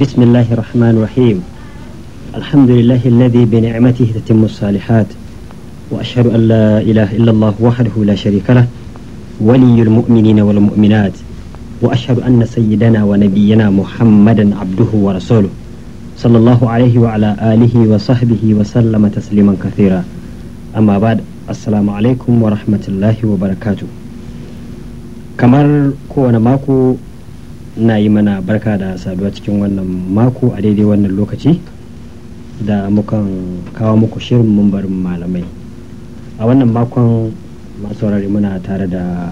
بسم الله الرحمن الرحيم الحمد لله الذي بنعمته تتم الصالحات وأشهد أن لا إله إلا الله وحده لا شريك له ولي المؤمنين والمؤمنات وأشهد أن سيدنا ونبينا محمدا عبده ورسوله صلى الله عليه وعلى آله وصحبه وسلم تسليما كثيرا أما بعد السلام عليكم ورحمة الله وبركاته kamar kowane ماكو na yi mana barka da saduwa cikin wannan mako a daidai wannan lokaci da mukan kawo muku shirin mumbarin malamai a wannan makon masu muna tare da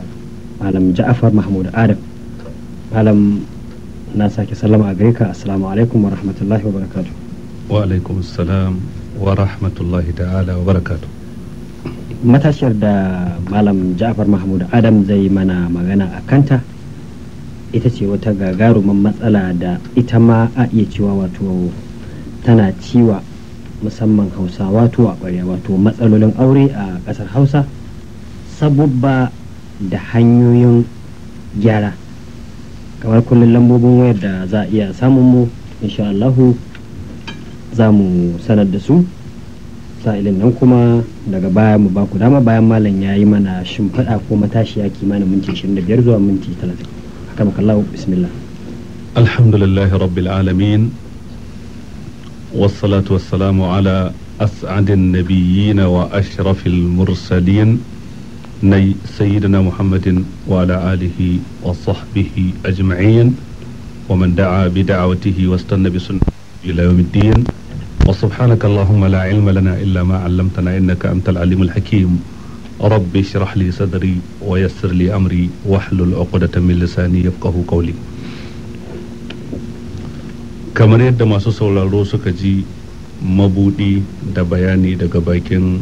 malam ja'afar mahmud adam malam na sake sallama a gare ka assalamu alaikum wa rahmatullahi wa barakatu wa alaikum salam wa rahmatullahi ta'ala wa barakatu matashiyar da malam ja'afar mahmud adam zai mana magana a kanta ita ce wata gagarumin matsala da ita ma a iya cewa wato tana ciwa musamman hausa wato a ƙwarya wato matsalolin aure a ƙasar hausa sabubba da hanyoyin gyara kamar kullum lambobin wayar da za a iya samun mu insha Allahu za mu sanar da su sa'ilin nan kuma daga baya mu ba ku dama bayan malam ya yi mana shimfiɗa ko matashiya kimanin minti 25 zuwa minti 30 حكمك الله بسم الله الحمد لله رب العالمين والصلاة والسلام على أسعد النبيين وأشرف المرسلين ني سيدنا محمد وعلى آله وصحبه أجمعين ومن دعا بدعوته واستنى بسنة إلى يوم الدين وسبحانك اللهم لا علم لنا إلا ما علمتنا إنك أنت العليم الحكيم rabbi shrah li sadri wa yassir li amri wahlul uqdatan min lisani yafqahu qawli kamar yadda masu sauraro suka ji mabudi da bayani daga bakin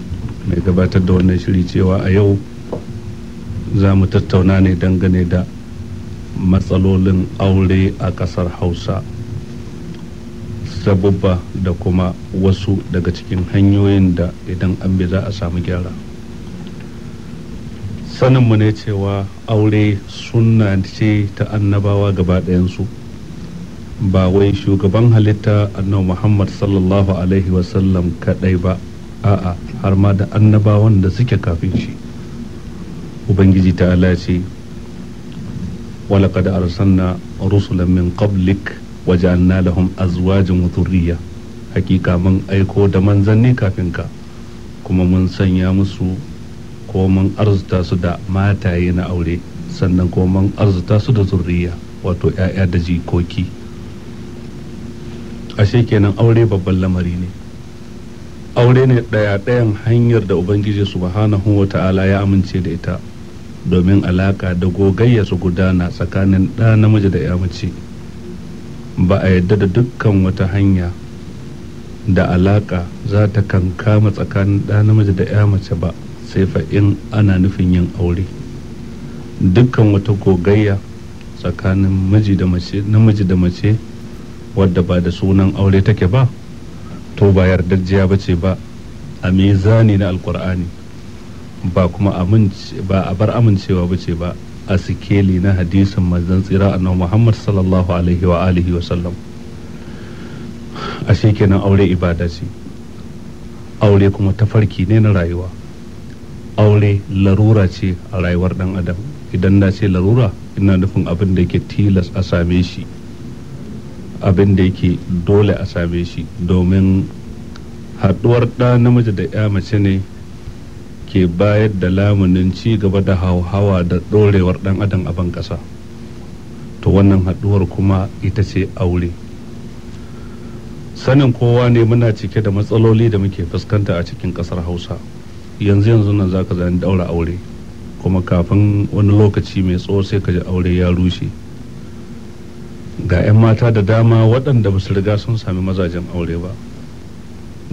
mai gabatar da wannan shiri cewa a yau za mu tattauna ne dangane da matsalolin aure a ƙasar hausa sabubba da kuma wasu daga cikin hanyoyin da idan an bi za a samu gyara saninmu ne cewa aure suna ce ta annabawa gaba ɗayansu ba wai shugaban halitta annabi muhammad sallallahu alaihi wasallam kaɗai ba a'a har ma da annabawan da suke kafin shi ubangiji ta ala ce da arsanna rusulan min qablik waje'anna lahum azwajin wuturriya hakika mun aiko da manzanni kafin ka kuma mun sanya musu ko mun arzuta su da mataye na aure sannan ko mun arzuta su da zurriya wato 'ya'ya da jikoki ashe kenan aure babban lamari ne aure ne ɗaya ɗayan hanyar da ubangiji subhanahu wa ta'ala ya amince da ita domin alaka da gogayya su gudana tsakanin ɗa namiji da ya mace ba a yadda da dukkan wata hanya da alaka za ta kankama tsakanin ɗa namiji da ya mace ba sai fa in ana nufin yin aure dukkan wata gogayya tsakanin namiji da mace wadda ba da sunan aure take ba to ba yardajiya ba ce ba a mezani na alkur'ani ba kuma ba a bar amincewa ba ce ba a sikeli na hadisin manzon tsira annabi muhammad sallallahu alaihi wa alihi wa sallam ashe kenan aure ibada ce aure kuma tafarki ne na rayuwa aure larura ce a rayuwar dan adam idan na ce larura ina nufin abin da yake tilas a same shi abin da yake dole a same shi domin haɗuwar ɗa namiji da ya mace ne ke bayar da lamunin ci gaba da hauhawa da ɗorewar ɗan adam a ban ƙasa to wannan haduwar kuma ita ce aure sanin kowa ne muna cike da matsaloli da muke fuskanta a cikin ƙasar hausa yanzu yanzu nan zaka zan daura aure kuma kafin wani lokaci mai tsawo sai ka ji aure ya rushe ga 'yan mata da dama waɗanda ba su riga sun sami mazajen aure ba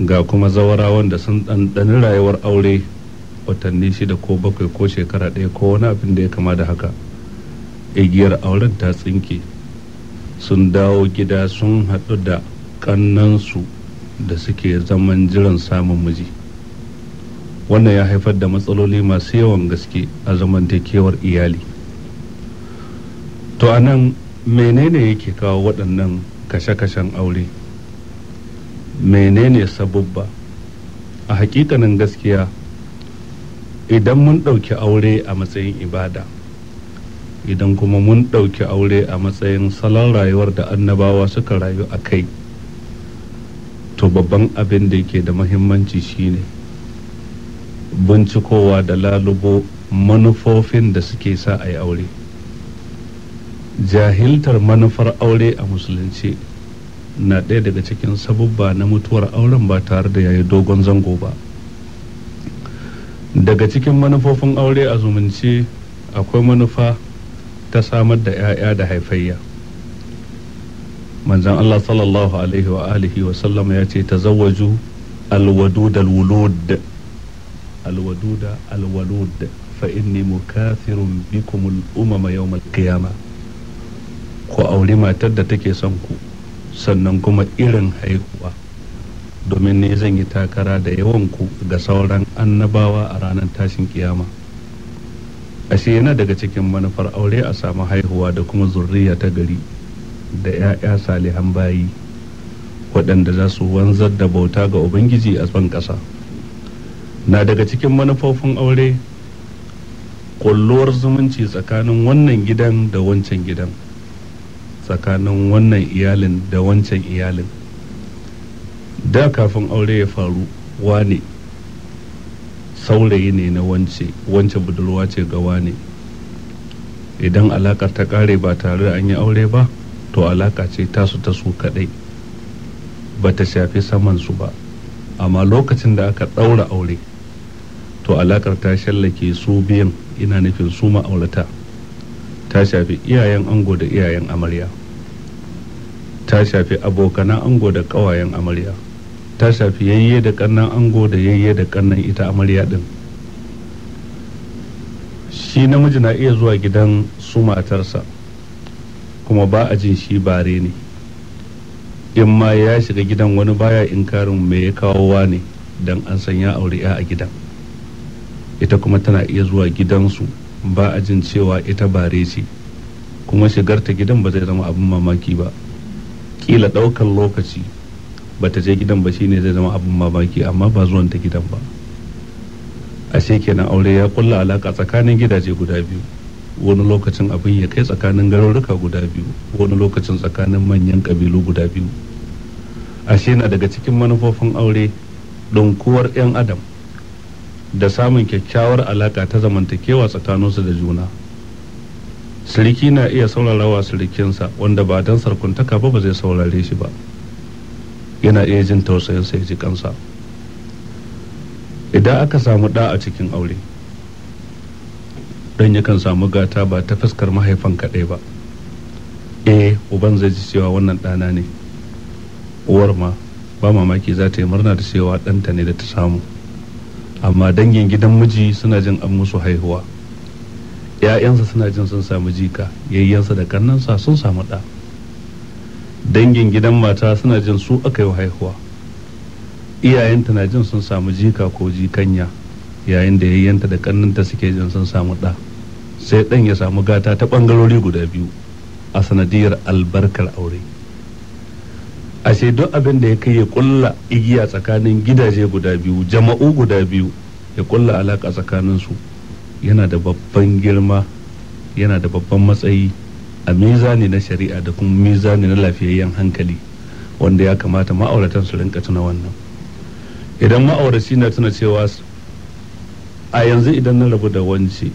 ga kuma zawara wanda sun ɗanɗani rayuwar aure watanni shida ko bakwai ko shekara ɗaya ko wani abin da ya kama da haka igiyar auren ta tsinke sun dawo gida sun haɗu da ƙannansu da suke zaman jiran samun miji wannan ya haifar da matsaloli masu yawan gaske a zamantakewar iyali to a nan menene yake kawo waɗannan kashe-kashen aure menene sabubba a hakikanin gaskiya idan mun ɗauki aure a matsayin ibada idan kuma mun ɗauki aure a matsayin salon rayuwar da annabawa suka rayu a kai to babban abin da yake da mahimmanci shine ne bincikowa da lalubo manufofin da suke sa a yi aure jahiltar manufar aure a musulunci na ɗaya daga cikin sabubba na mutuwar auren ba tare da yayi dogon zango ba daga cikin manufofin aure a zumunci akwai manufa ta samar da 'ya'ya da haifayya manzan Allah sallallahu alaihi wa alihi wa ya ce ta zawaju alwadu da wulud alwaduda الولود فإني مكاثر بكم الأمم يوم القيامة yawm ku auri matar da take son ku sannan kuma irin haihuwa domin ne zan yi takara da yawan ku ga sauran annabawa a ranar tashin kiyama ashe yana daga cikin manufar aure a samu haihuwa da kuma zurriya ta gari da 'ya'ya salihan bayi waɗanda za su wanzar da bauta ga ubangiji a tsan ƙasa. na daga cikin manufofin aure kwallowar zumunci tsakanin wannan gidan da wancan gidan tsakanin wannan iyalin da wancan iyalin da kafin aure ya faru wane saurayi ne na wance wance budurwa ce ga wane idan alakar ta kare ba tare da an yi aure ba to alaka ce tasu ta su kadai ba ta shafi samansu ba amma lokacin da aka ɗaura aure to alakar ta shallake su biyan ina nufin su ma'aurata ta shafi iyayen ango da iyayen amarya ta shafi abokanan ango da ƙawayen amarya ta shafi yayye da kannan ango da yayye da kannan ita amarya din shi namiji na iya zuwa gidan su matarsa kuma ba a jin shi bare ne in ma ya shiga gidan wani baya inkarin mai ya kawowa ne don an san ya aure a gidan ita kuma tana iya zuwa gidansu ba a jin cewa ita bare ce kuma shigarta gidan ba zai zama abin mamaki ba kila ɗaukan lokaci ba ta je gidan ba shine zai zama abin mamaki amma ba zuwan ta gidan ba ashe kenan aure ya kulla alaka tsakanin gidaje guda biyu wani lokacin abin ya kai tsakanin garuruka guda biyu wani lokacin tsakanin manyan kabilu guda biyu ashe na daga cikin manufofin aure don kuwar 'yan adam da samun kyakkyawar alaka ta zamantakewa tsakaninsu da juna siriki na iya saurarawa sirikinsa wanda ba don sarkuntaka ba ba zai saurare shi ba yana iya jin tausayinsa ya ji kansa idan aka samu ɗa a cikin aure ɗan yakan samu gata ba ta fuskar mahaifan kaɗai ba eh uban zai ji cewa wannan ɗana ne uwar ma ba mamaki za ta yi murna da cewa ɗanta ne da ta samu amma dangin gidan miji suna jin an musu haihuwa ‘ya'yansa suna jin sun samu jika yayyansa da karnansa sun samu ɗa dangin gidan mata suna jin su aka yi haihuwa iyayenta na jin sun samu jika ko jikanya yayin da yayyanta da kannanta suke jin sun samu ɗa sai ɗan ya samu gata ta ɓangarori guda biyu a sanadiyar albarkar aure. ashe duk abin da ya kai ya kulla igiya tsakanin gidaje guda biyu jama'u guda biyu ya kulla alaka tsakanin su yana da babban girma yana da babban matsayi a mizani na shari'a da kuma mizani na lafiyayyen hankali wanda ya kamata ma'auratan su rinka tuna wannan idan ma'auraci na tuna cewa a yanzu idan na rabu da wance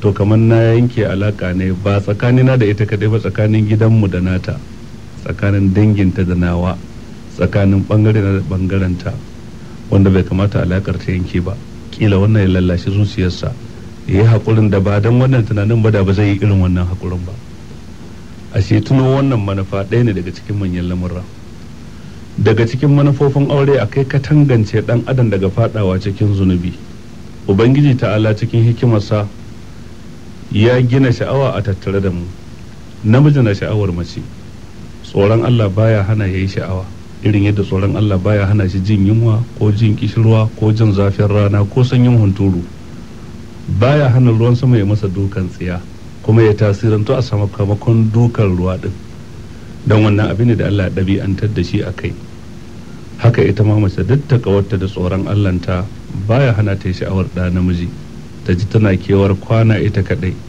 to kamar na yanke alaka ne ba tsakanina da ita kadai ba tsakanin gidanmu da nata tsakanin danginta da nawa tsakanin bangare na bangarenta wanda bai kamata alakar ta yanke ba kila wannan ya lallashi zuciyarsa ya yi haƙurin da ba don wannan tunanin ba da ba zai yi irin wannan haƙurin ba ashe tuno wannan manufa ɗaya ne daga cikin manyan lamurra daga cikin manufofin aure a kai katangance ɗan adam daga faɗawa cikin zunubi ubangiji ta'ala cikin hikimarsa ya gina sha'awa a tattare da mu namiji na sha'awar mace tsoron Allah baya hana ya yi sha'awa irin yadda tsoron Allah baya hana shi jin yunwa ko jin kishirwa ko jin zafin rana ko sanyin hunturu baya hana ruwan sama ya masa dukan tsiya kuma ya tasirantu a samakamakon dukan ruwa din don wannan abin da Allah ya ɗabi'antar da shi a kai haka ita ma mace duk ta kawarta da tsoron Allah ta baya hana ta yi sha'awar ɗa namiji ta ji tana kewar kwana ita kaɗai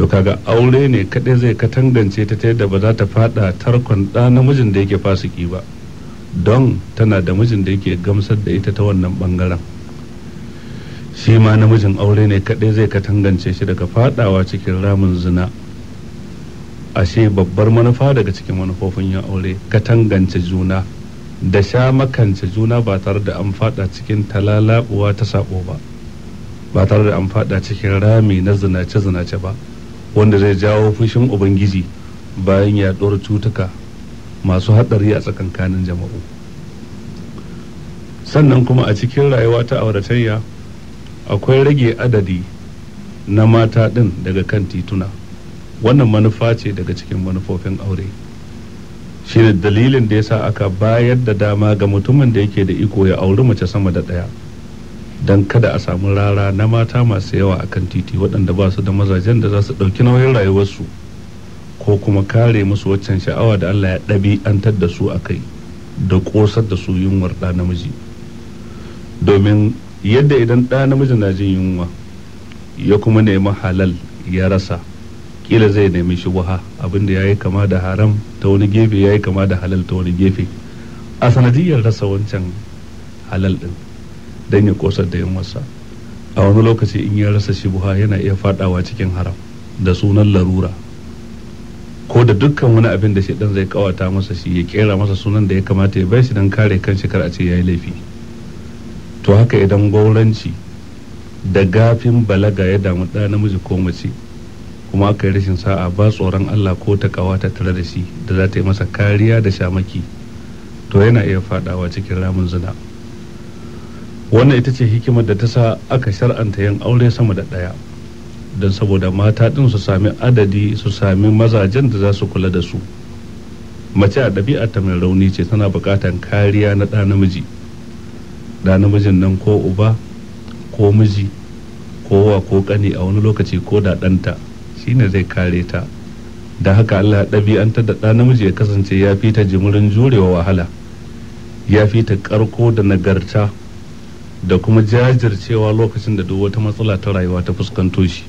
to kaga aure ne kadai zai katangance ta ta yadda ba za ta fada tarkon ɗa namijin da yake fasiki ba don tana da mijin da yake gamsar da ita ta wannan bangaren shi ma namijin aure ne kadai zai katangance shi daga fadawa cikin ramin zina ashe babbar manufa daga cikin manufofin yin aure katangance juna da sha makance juna ba tare da an fada cikin talalabuwa ta sabo ba ba tare da an fada cikin rami na zinace-zinace ba wanda zai jawo fushin ubangiji bayan yaɗuwar cutuka masu haɗari a tsakankanin jama'u sannan kuma a cikin rayuwa ta auratayya akwai rage adadi na mata ɗin daga kan tituna wannan manufa ce daga cikin manufofin aure shine dalilin da ya sa aka bayar da dama ga mutumin da yake da iko ya auri mace sama da ɗaya don kada a samu rara na mata masu yawa a kan titi waɗanda ba su da mazajen da za su ɗauki nauyin rayuwarsu ko kuma kare musu waccan sha'awa da Allah ya ɗabi'antar da su a kai da ƙosar da su yunwar ɗa namiji domin yadda idan ɗa namiji na jin yunwa ya kuma nemi halal ya rasa ƙila zai nemi shubuha abinda ya yi kama da haram ta wani gefe ya yi kama da halal ta wani gefe a sanadiyar rasa wancan halal ɗin don ya kosar da wasa a wani lokaci in ya rasa shi buha yana iya fadawa cikin haram da sunan larura ko da dukkan wani abin da dan zai kawata masa shi ya kera masa sunan da ya kamata ya bai shi don kare kan shi kar a ce ya yi laifi to haka idan gwauranci da gafin balaga ya damu ɗa namiji ko mace kuma aka yi rashin sa'a ba tsoron Allah ko ta kawata tare da shi da za ta yi masa kariya da shamaki to yana iya fadawa cikin ramin zina. wannan ita ce hikimar da ta sa aka shar'anta yin aure sama da ɗaya don saboda mata ɗin su sami adadi su sami mazajen da za su kula da su mace a ɗabi'a mai rauni ce tana buƙatar kariya na ɗa namiji ɗa namijin nan ko uba ko miji kowa ko ƙani a wani lokaci ko da ɗanta shine zai kare ta da haka allah ɗabi'anta da ɗa namiji ya kasance ya fita ta jimirin jurewa wahala ya fita ta ƙarko da nagarta da kuma jajircewa lokacin da duk wata matsala ta rayuwa ta fuskanto shi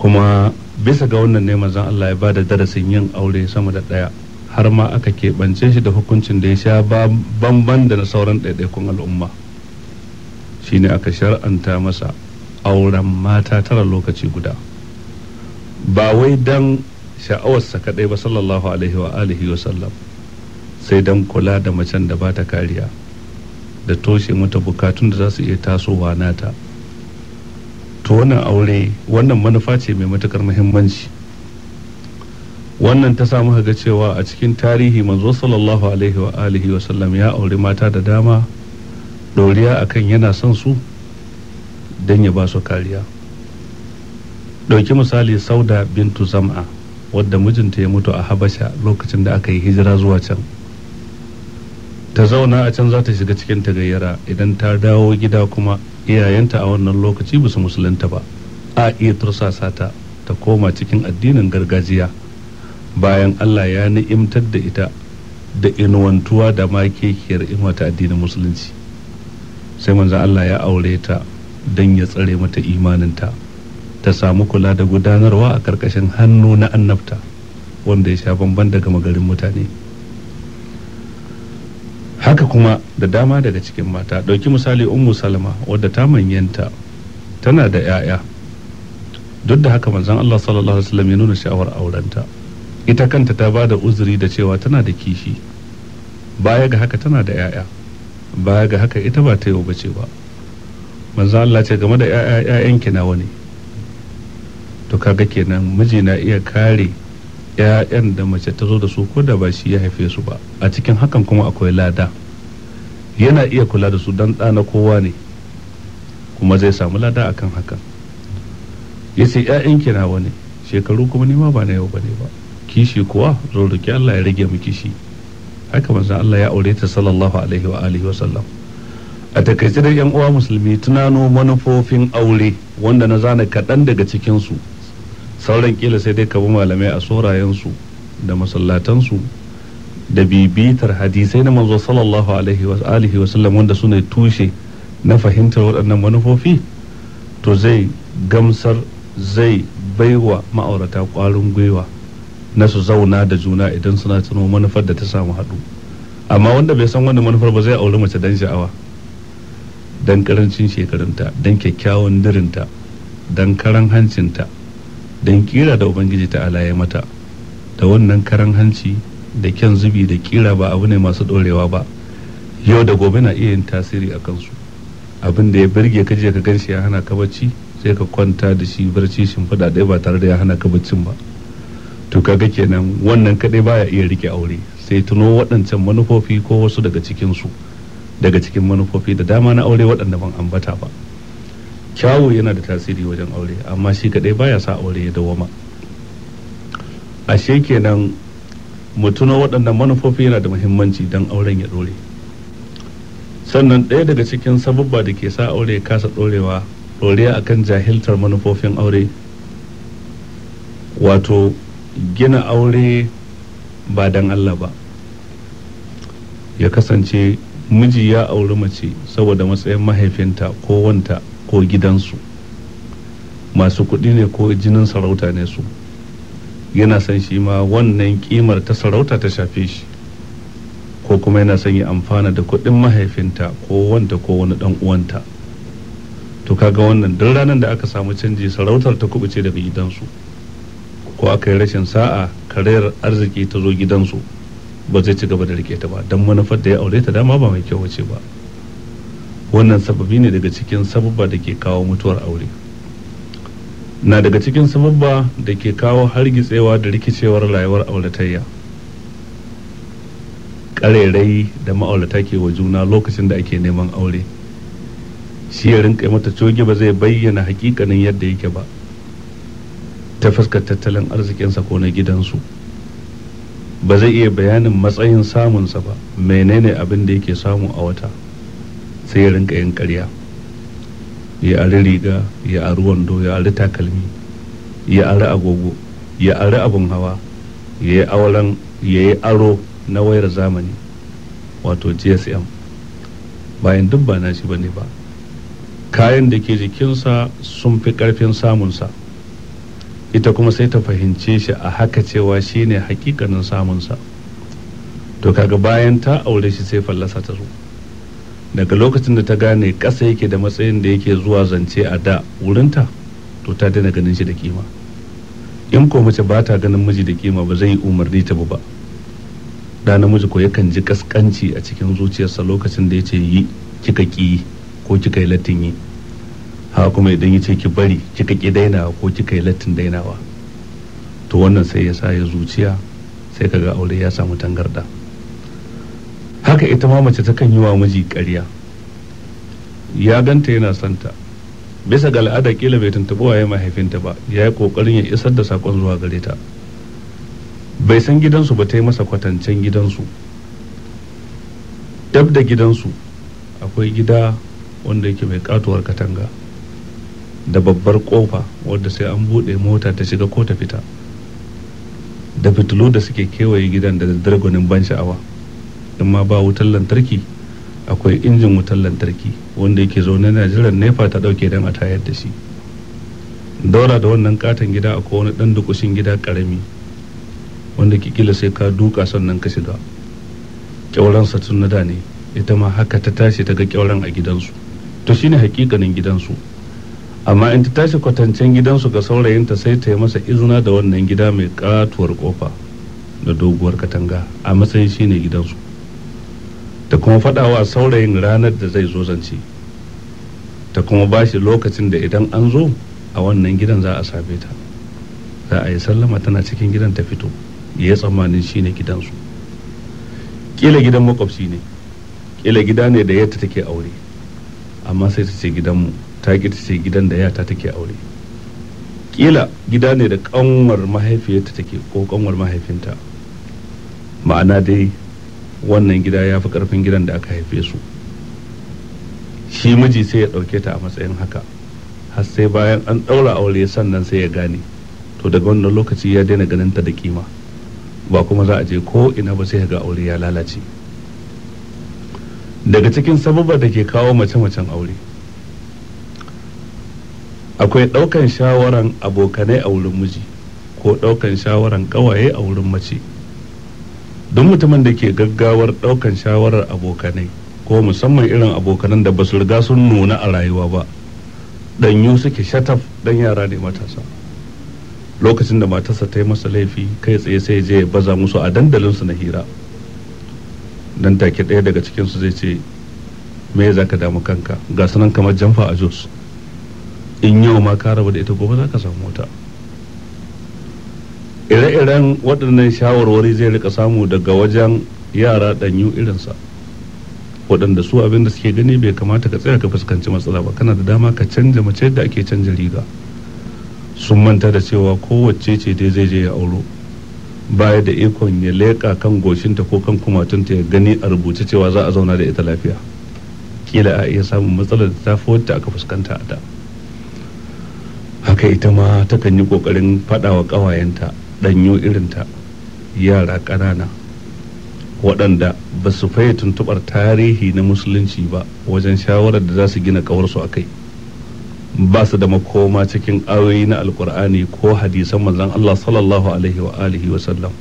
kuma bisa ga wannan ne manzon Allah ya ba da darasin yin aure sama da ɗaya har ma aka keɓance shi da hukuncin da ya sha bamban da na sauran ɗaiɗaikun al'umma Shi ne aka shar'anta masa auren mata tara lokaci guda ba wai dan sha'awarsa kaɗai ba sallallahu alaihi wa alihi wa sallam sai don kula da macen da ba ta kariya da toshe mata bukatun da za su iya tasowa nata to wannan aure wannan manufa ce mai matukar muhimmanci wannan ta samu haga cewa a cikin tarihi manzo sallallahu alaihi wa alihi wa sallam ya aure mata da dama doriya akan yana son su don ya ba su kariya ɗauki misali sauda bintu zam'a wadda mijinta ya mutu a habasha lokacin da aka yi hijira zuwa can ta zauna a can za ta shiga cikin tagayyara idan ta dawo gida kuma iyayenta a wannan lokaci ba su musulunta ba a iya tursasa ta ta koma cikin addinin gargajiya bayan Allah ya ni'imtar da ita da inuwantuwa da makekiyar ima ta addinin musulunci sai manzan Allah ya aure ta don ya tsare mata imaninta ta samu kula da gudanarwa a karkashin hannu na annabta wanda ya sha bamban daga magarin mutane. haka kuma da dama daga cikin mata ɗauki misali ummu salama wadda ta manyanta tana da 'ya'ya duk da haka manzon Allah sallallahu alaihi wasallam ya nuna sha'awar aurenta ita kanta ta ba da uzuri da cewa tana da kishi baya ga haka tana da 'ya'ya baya ga haka ita ba ta yau ce ba manzon Allah ce game da 'ya'ya 'ya'yanki nawa wani to kaga kenan miji na iya kare 'ya'yan da mace ta zo da su ko da ba shi ya haife su ba a cikin hakan kuma akwai lada yana iya kula da su dan ɗana kowa ne kuma zai samu lada akan hakan ya ce 'ya'yan kina wani shekaru kuma nima ba na yau ne ba kishi kuwa zo rike Allah ya rage mu kishi haka manzo Allah ya aure ta sallallahu alaihi wa alihi wa sallam a takaice da yan uwa musulmi tunano manufofin aure wanda na zana kaɗan daga cikinsu su sauran kila sai dai ka bi malamai a sorayensu da masallatansu da bibitar hadisai na manzo sallallahu alaihi wa alihi wa sallam wanda suna tushe na fahimtar waɗannan manufofi to zai gamsar zai baiwa ma'aurata ƙwarin gwiwa na su zauna da juna idan suna tuno manufar da ta samu haɗu amma wanda bai san wani manufar ba zai auri mace dan sha'awa dan karancin shekarunta dan kyakkyawan dirinta dan karan hancinta don kira da ubangiji ta ya mata da wannan karan hanci da kyan zubi da kira ba abu ne masu dorewa ba yau da gobe na iya yin tasiri a kansu abin da ya birge ka je ka ganshi ya hana ka bacci sai ka kwanta da shi barci fada ɗaya ba tare da ya hana ka baccin ba to kaga kenan wannan kaɗai baya iya rike aure sai tuno waɗancan manufofi ko wasu daga cikinsu daga cikin manufofi da dama na aure waɗanda ban ambata ba kyawu yana da tasiri wajen aure amma shi kadai baya sa aure ya dawama ashe kenan mutuna waɗannan manufofi yana da muhimmanci don auren ya ɗore sannan ɗaya daga cikin sababba da ke sa aure ya kasa ɗorewa ɗore akan jahiltar manufofin aure wato gina aure ba don Allah ba ya kasance miji ya auri mace saboda matsayin mahaifinta ko wanta ko gidansu masu kuɗi ne ko jinin sarauta ne su yana son shi ma wannan kimar ta sarauta ta shafe shi ko kuma yana son ya amfana da kuɗin mahaifinta ko wanta ko wani ɗan uwanta to kaga wannan duk ranar da aka samu canji sarautar ta kubuce daga gidansu ko aka yi rashin sa'a karayar arziki ta zo gidansu ba zai ci gaba da rike ta ba don manufar da ya aure ta dama ba mai kyau ce ba wannan sababi ne daga cikin sababba da ke kawo mutuwar aure na daga cikin sababba da ke kawo hargitsewa da rikicewar rayuwar auratayya ƙarerai da ma'aurata ke wa juna lokacin da ake neman aure shi ya rinka mata coge ba zai bayyana hakikanin yadda yake ba ta fuskar tattalin arzikinsa ko na gidansu ba zai iya bayanin matsayin samunsa ba menene abin da yake samu a wata sai ya rinka yin karya ya ari riga ya ari wando ya ari takalmi ya ari agogo ya ari abun hawa ya yi auren ya yi aro na wayar zamani wato gsm bayan duk ba na shi ba ne ba kayan da ke jikinsa sun fi karfin samunsa ita kuma sai ta fahimce shi a haka cewa shine hakikanin samunsa to kaga bayan ta aure shi sai fallasa ta zo daga lokacin da ta gane ƙasa yake da matsayin da yake zuwa zance a da wurinta to ta daina ganin shi da kima in ko mace ba ta ganin miji da kima ba zai yi umarni ta ba da namiji ko yakan ji kaskanci a cikin zuciyarsa lokacin da yace yi kika ki ko kika yi latin yi Ha kuma idan yace ki bari kika ki daina ko kika yi latin dainawa to wannan sai ya sa ya zuciya sai kaga aure ya samu tangarda haka ita ma mace kan yi wa miji ƙarya ya ganta yana santa bisa ga al'ada kila bai tuntuɓi waye mahaifinta ba ya yi ƙoƙarin ya isar da saƙon zuwa gare ta bai san gidansu ba ta yi masa kwatancen gidansu dab da gidansu akwai gida wanda yake mai katuwar katanga da babbar kofa wadda sai an buɗe mota ta shiga ko ta fita da fitilu da suke kewaye gidan da dargunin ban sha'awa in ma ba wutar lantarki akwai injin wutar lantarki wanda yake zaune na jiran nefa ta dauke don a tayar da shi daura da wannan katon gida akwai wani dan dukushin gida karami wanda kikila sai ka duka sannan ka shiga kyauransa tun na da ne ita ma haka ta tashi daga kyauran a gidansu to shine hakikanin gidansu amma in ta tashi kwatancen gidansu ga saurayinta sai ta yi masa izina da wannan gida mai katuwar kofa da doguwar katanga a matsayin shine gidansu ta kuma faɗawa saurayin ranar da zai zo zance ta kuma ba shi lokacin da idan an zo a wannan gidan za a same ta za a yi sallama tana cikin gidan ta fito ya tsammanin shi ne gidansu kila gidan makwabci ne kila gida ne da yata take aure amma sai ta ce gidanmu ta ki ce gidan da yata take aure kila gida ne da kanwar mahaifiyarta take ko kanwar mahaifinta ma'ana dai wannan gida ya fi karfin gidan da aka haife su shi miji sai ya ɗauke ta a matsayin haka har sai bayan an ɗaura aure sannan sai ya gane to daga wannan lokaci ya daina ganin ta da kima ba kuma za a je ko ina ba sai ya ga aure ya lalace daga cikin sababa da ke kawo mace-macen aure akwai ɗaukan shawaran abokanai a wurin miji ko ɗaukan shawaran ƙawaye a wurin mace don mutumin da ke gaggawar ɗaukan shawarar abokanai ko musamman irin abokanan da ba su riga sun nuna a rayuwa ba ɗanyu suke shataf dan yara ne matasa lokacin da matarsa ta yi masa laifi kai tsaye sai je baza musu a dandalin su na hira dan take ɗaya daga cikinsu zai ce me za ka damu kanka ga sunan kamar jamfa a jos in yau ma ka raba da ita gobe za ka samu wata ire-iren waɗannan shawarwari zai rika samu daga wajen yara ɗanyu irinsa waɗanda su abin da suke gani bai kamata ka tsaya ka fuskanci matsala ba kana da dama ka canja mace da ake canja riga sun manta da cewa kowace ce dai zai je ya auro baya da ikon ya leƙa kan goshinta ko kan kumatunta ya gani a rubuce cewa za a zauna da ita lafiya kila a iya samun matsala da ta fi wadda aka fuskanta a da haka ita ma takan yi ƙoƙarin faɗawa ƙawayenta ɗanyo ta yara ƙanana waɗanda ba su faye tuntuɓar tarihi na musulunci ba wajen shawarar da za su gina ƙawarsu a kai ba su da makoma cikin ayoyi na alkur'ani ko hadisan manzon Allah sallallahu alaihi wa alihi wa sallam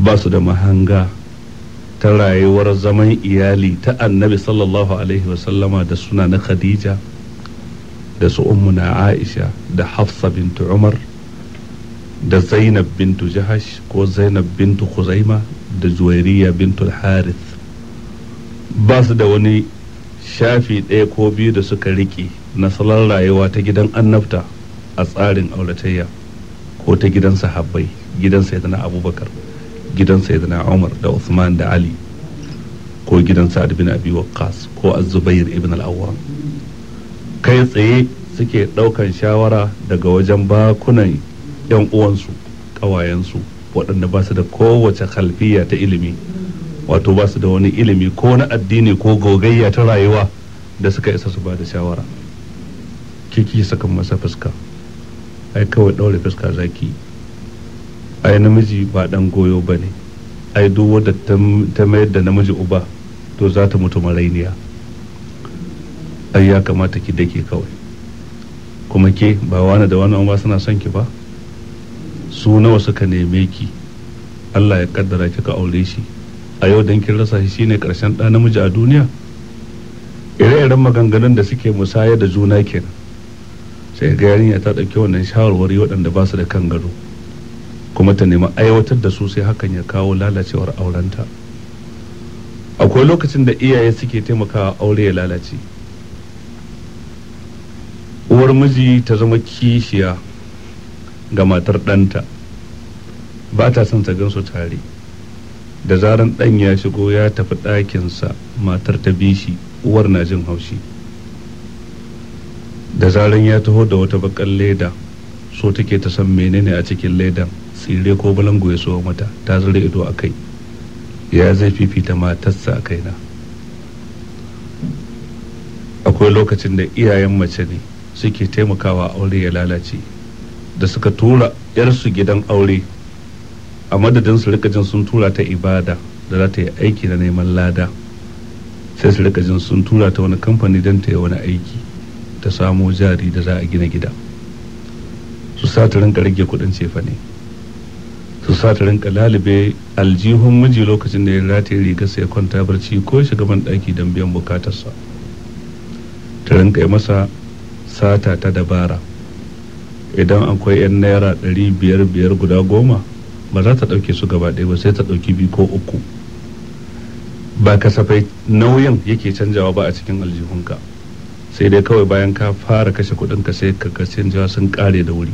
ba su da mahanga ta rayuwar zaman iyali ta annabi sallallahu alaihi wa sallama da suna na khadija da su ummuna aisha da hafsa bintu umar da zainab bintu jahash ko zainab bintu khuzaima da zuwairiya bintu harith ba su da wani shafi ɗaya ko biyu da suka riƙe na salon rayuwa ta gidan annabta a tsarin auratayya ko ta gidan sahabbai gidan sayyidina abubakar gidan sayyidina umar da usman da ali ko gidan sa'ad bin abi waqqas ko az-zubair ibn al-awwam kai tsaye suke ɗaukan shawara daga wajen bakunan 'yan uwansu ƙawayensu waɗanda ba su da kowace kalfiya ta ilimi wato ba su da wani ilimi ko na addini ko gogayya ta rayuwa da suka isa su ba da shawara kiki sakan masa fuska ai kawai ɗaure fuska zaki ai namiji ba ɗan goyo ba ne ai duwa da ta mayar da namiji uba to za ta mutu marainiya ai ya kamata ki dake kawai kuma ke ba wani da wani ba suna son ki ba su nawa suka neme ki Allah ya kaddara ka aure shi a yau dan kin rasa shi shine karshen ɗa namiji a duniya ire-iren maganganun da suke musaya da juna kenan sai ga yarinya ta ɗauki wannan shawarwari waɗanda ba su da kan gado kuma ta nemi aiwatar da su sai hakan ya kawo lalacewar aurenta akwai lokacin da iyaye suke taimakawa aure ya lalace uwar miji ta zama kishiya ga matar ɗanta ba ta son ta gansu tare da zaran ɗan ya shigo ya tafi ɗakinsa matar ta bi shi uwar na jin haushi da zaran ya taho da wata bakan leda so take ta san menene a cikin ledan tsire ko balangu ya so mata ta zura ido a kai ya zai fifita matarsa a kaina akwai lokacin da iyayen mace ne suke taimakawa aure ya lalace da suka tura yarsu gidan aure a madadin su rika jin sun tura ta ibada da za ta yi aiki na neman lada sai su rika jin sun tura ta wani kamfani don ta yi wani aiki ta samo jari da za a gina gida su sa ta rinka rage kudin cefane ne su sa ta rinka lalibe aljihun miji lokacin da ya rataye riga sai kwanta barci ko ya shiga ban daki don biyan bukatarsa ta rinka yi masa sata ta dabara idan akwai 'yan naira ɗari biyar biyar guda goma ba za ta ɗauke su gaba ɗaya ba sai ta ɗauki biyu ko uku ba kasafai nauyin yake canjawa ba a cikin aljihunka sai dai kawai bayan ka fara kashe ka sai ka canjawa sun kare da wuri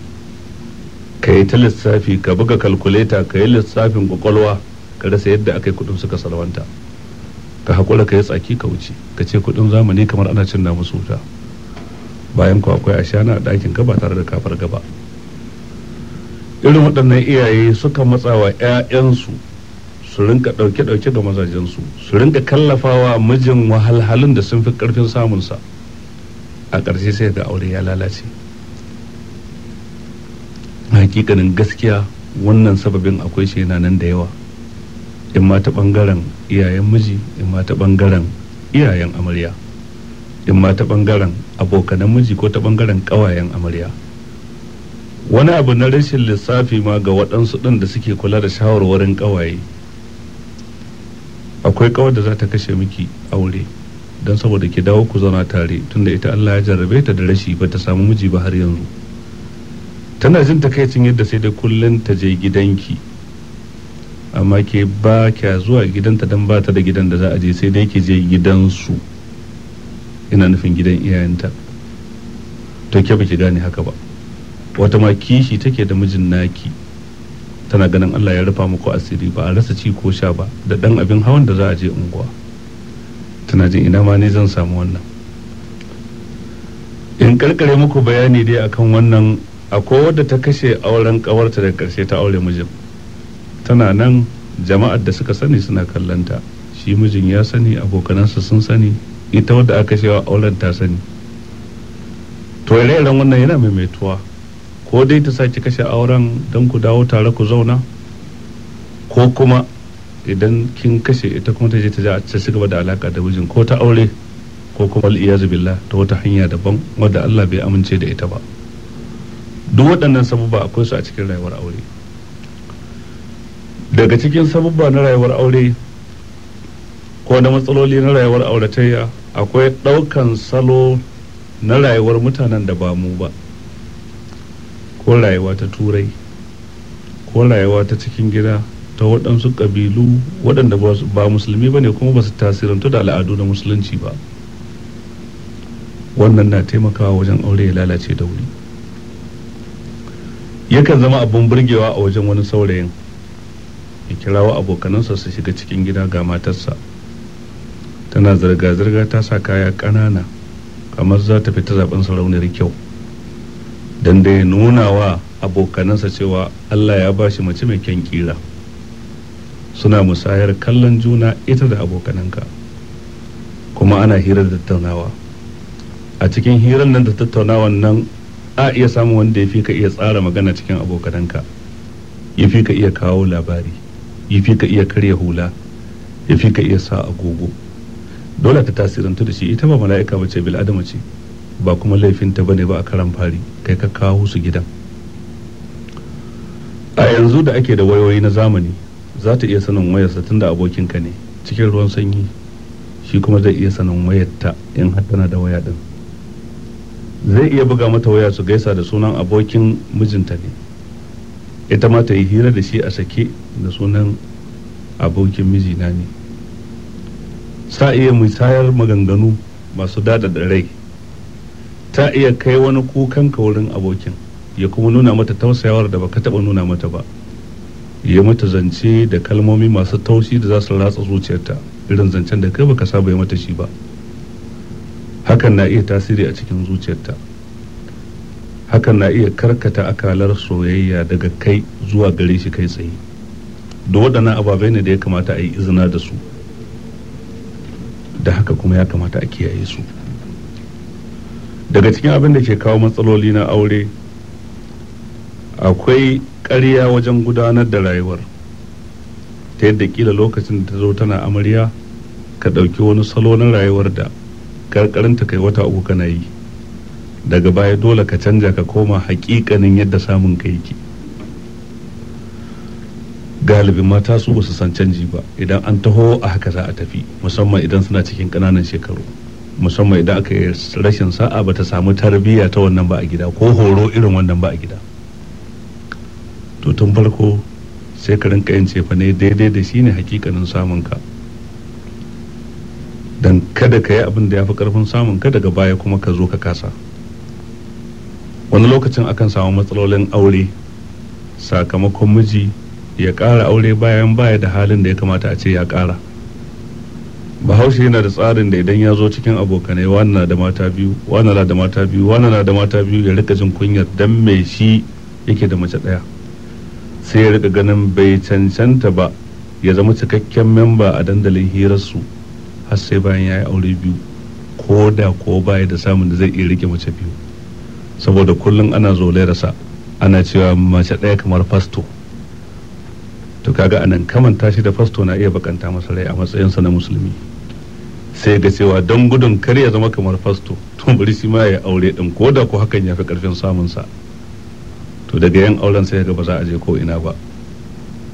ka yi ta lissafi ka buga kalkuleta ka yi lissafin kwakwalwa ka rasa yadda aka yi kuɗin suka salwanta ka haƙura ka yi tsaki ka wuce ka ce kuɗin zamani kamar ana cin na musu wuta bayan ku akwai ashana a ɗakin ka tare da kafar gaba irin waɗannan iyaye suka matsawa 'ya'yansu su rinka ɗauke-ɗauke ga mazajensu su rinka kallafawa mijin wahalhalun da sun fi ƙarfin samunsa a ƙarshe sai ga aure ya lalace hakikanin gaskiya wannan sababin akwai shi yana nan da yawa in ma ta ɓangaren iyayen miji in ma ta ɓangaren iyayen amarya in ma ta bangaren abokanan miji ko ta bangaren kawayen amarya wani abu na rashin lissafi ma ga waɗansu ɗin da suke kula da shawarwarin kawaye akwai kawar da za ta kashe miki aure don saboda ki dawo ku zauna tare tunda ita Allah ya jarrabe ta da rashi ba ta samu miji ba har yanzu tana jin ta kai yadda sai da kullum ta je gidanki amma ke ba kya zuwa gidanta don ba ta da gidan da za a je sai dai ki je gidansu ina nufin gidan iyayenta to ke baki gane haka ba wata ma kishi take da mijin naki tana ganin Allah ya rufa muku asiri ba a rasa ci ko sha ba da dan abin hawan da za a je unguwa tana jin ina ma ne zan samu wannan in karkare muku bayani dai akan wannan akwai wadda ta kashe auren kawarta da karshe ta aure mijin tana nan jama'ar da suka sani suna kallanta shi mijin ya sani abokanansa sun sani ita wadda aka cewa auren ta sani to ire-iren wannan yana maimaituwa ko dai ta sake kashe auren don ku dawo tare ku zauna ko kuma idan kin kashe ita kuma ta je ta a ta gaba da alaka da mijin ko ta aure ko kuma al'iyazu billah ta wata hanya daban wadda Allah bai amince da ita ba duk waɗannan sabubba akwai su a cikin rayuwar aure daga cikin sabubba na rayuwar aure ko na matsaloli na rayuwar auratayya akwai ɗaukan salo na rayuwar mutanen da ba mu ba ko rayuwa ta turai ko rayuwa ta cikin gida ta waɗansu ƙabilu waɗanda ba musulmi ba ne kuma ba su tasirantu da al'adu na musulunci ba wannan na taimakawa wajen aure ya lalace da wuri yakan zama abin burgewa a wajen wani saurayin ya kirawa abokanansa su shiga cikin gida ga matarsa tana zirga-zirga ta sa kaya ƙanana kamar za ta fita zaben sarauniyar kyau don da ya nuna wa abokanansa cewa allah ya bashi mace mai kyan kira suna musayar kallon juna ita da abokananka kuma ana hira tattaunawa a cikin hirar nan da tattaunawa nan a iya samun wanda ya fi ka iya tsara magana cikin abokananka ya fi ka iya kawo labari ya fi ka iya karya hula ya fi ka iya sa agogo dole ta tasirantu da shi ita ba mala'ika ba ce bil'adama ce ba kuma laifinta bane ba a karan fari kai ka kawo su gidan a yanzu da ake da wayoyi na zamani za ta iya sanin wayarsa tun da abokinka ne cikin ruwan sanyi shi kuma zai iya sanin wayarta in har tana da waya din zai iya buga mata waya su gaisa da sunan abokin mijinta ne ita ma ta yi hira da shi a sake da sunan abokin mijina ne ta iya musayar maganganu masu dada rai ta iya kai wani kukan ka wurin abokin ya kuma nuna mata tausayawar da baka taba nuna mata ba ya mata zance da kalmomi masu taushi da za su ratsa zuciyarta irin zancen da kai baka saba ya mata shi ba hakan na iya tasiri a cikin zuciyarta hakan na iya karkata akalar soyayya daga kai zuwa gare shi kai tsaye da waɗannan ababai ne da ya kamata a yi izina da su da haka kuma ya kamata a kiyaye su daga cikin abin da ke kawo matsaloli na aure akwai ƙarya wajen gudanar da rayuwar ta yadda kila lokacin da ta zo tana amarya ka ɗauki wani salo na rayuwar da karkarinta kai wata uku kana yi daga baya dole ka canja ka koma hakikanin yadda samun ka yake galibi mata su ba su san canji ba idan an taho a haka za a tafi musamman idan suna cikin ƙananan shekaru musamman idan aka yi rashin sa'a bata samu tarbiyya ta wannan ba a gida ko horo irin wannan ba a gida to tun farko sai ka rinka yin cefa ne daidai da shi ne hakikanin samun ka dan kada ka yi abin da ya fi karfin samun ka daga baya kuma ka zo ka kasa wani lokacin akan samu matsalolin aure sakamakon miji ya ƙara aure bayan baya da halin da ya kamata a ce ya ƙara bahaushe yana da tsarin da idan ya zo cikin abokanai wani na da mata biyu wani na da mata biyu wani na da mata biyu ya rika jin kunyar dan mai shi yake da mace ɗaya sai ya rika ganin bai cancanta ba ya zama cikakken memba a dandalin hirarsu har sai bayan ya yi aure biyu ko da ko baya da samun da zai iya rike mace biyu saboda kullum ana lairasa ana cewa mace ɗaya kamar fasto to kaga anan kamanta shi da fasto na iya bakanta masa rai a matsayinsa na musulmi sai ga cewa don gudun kar ya zama kamar fasto to bari shi ma ya aure din ko da ko hakan ya fi karfin samun sa to daga yan auren sai ga ba za a je ko ina ba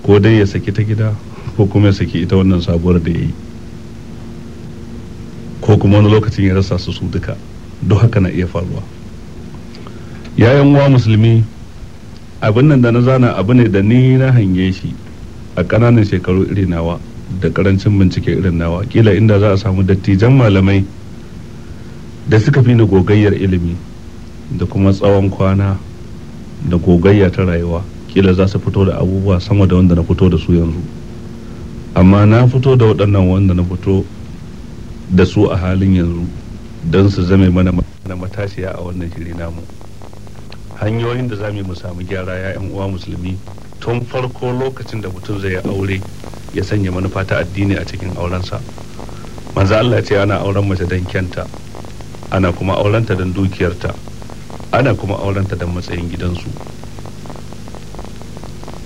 ko dai ya saki ta gida ko kuma ya saki ita wannan sabuwar da yayi yi ko kuma wani lokacin ya rasa su su duka duk haka na iya faruwa yayan uwa musulmi abin nan da na zana abu ne da ni na hange shi a ƙananan shekaru irin nawa da ƙarancin bincike irin nawa kila inda za a samu dattijan malamai da suka fi ni gogayyar ilimi da kuma tsawon kwana da gogayya ta rayuwa kila za su fito da abubuwa sama da wanda na fito da su yanzu amma na fito da waɗannan wanda na fito da su a halin yanzu don su zame mana matashiya a wannan shiri namu hanyoyin da za mu samu gyara yayan uwa musulmi tun farko lokacin da mutum zai aure ya sanya manufa ta addini a cikin aurensa manzo Allah ce ana auren mace don kyanta ana kuma aurenta don dukiyarta ana kuma aurenta don matsayin gidansu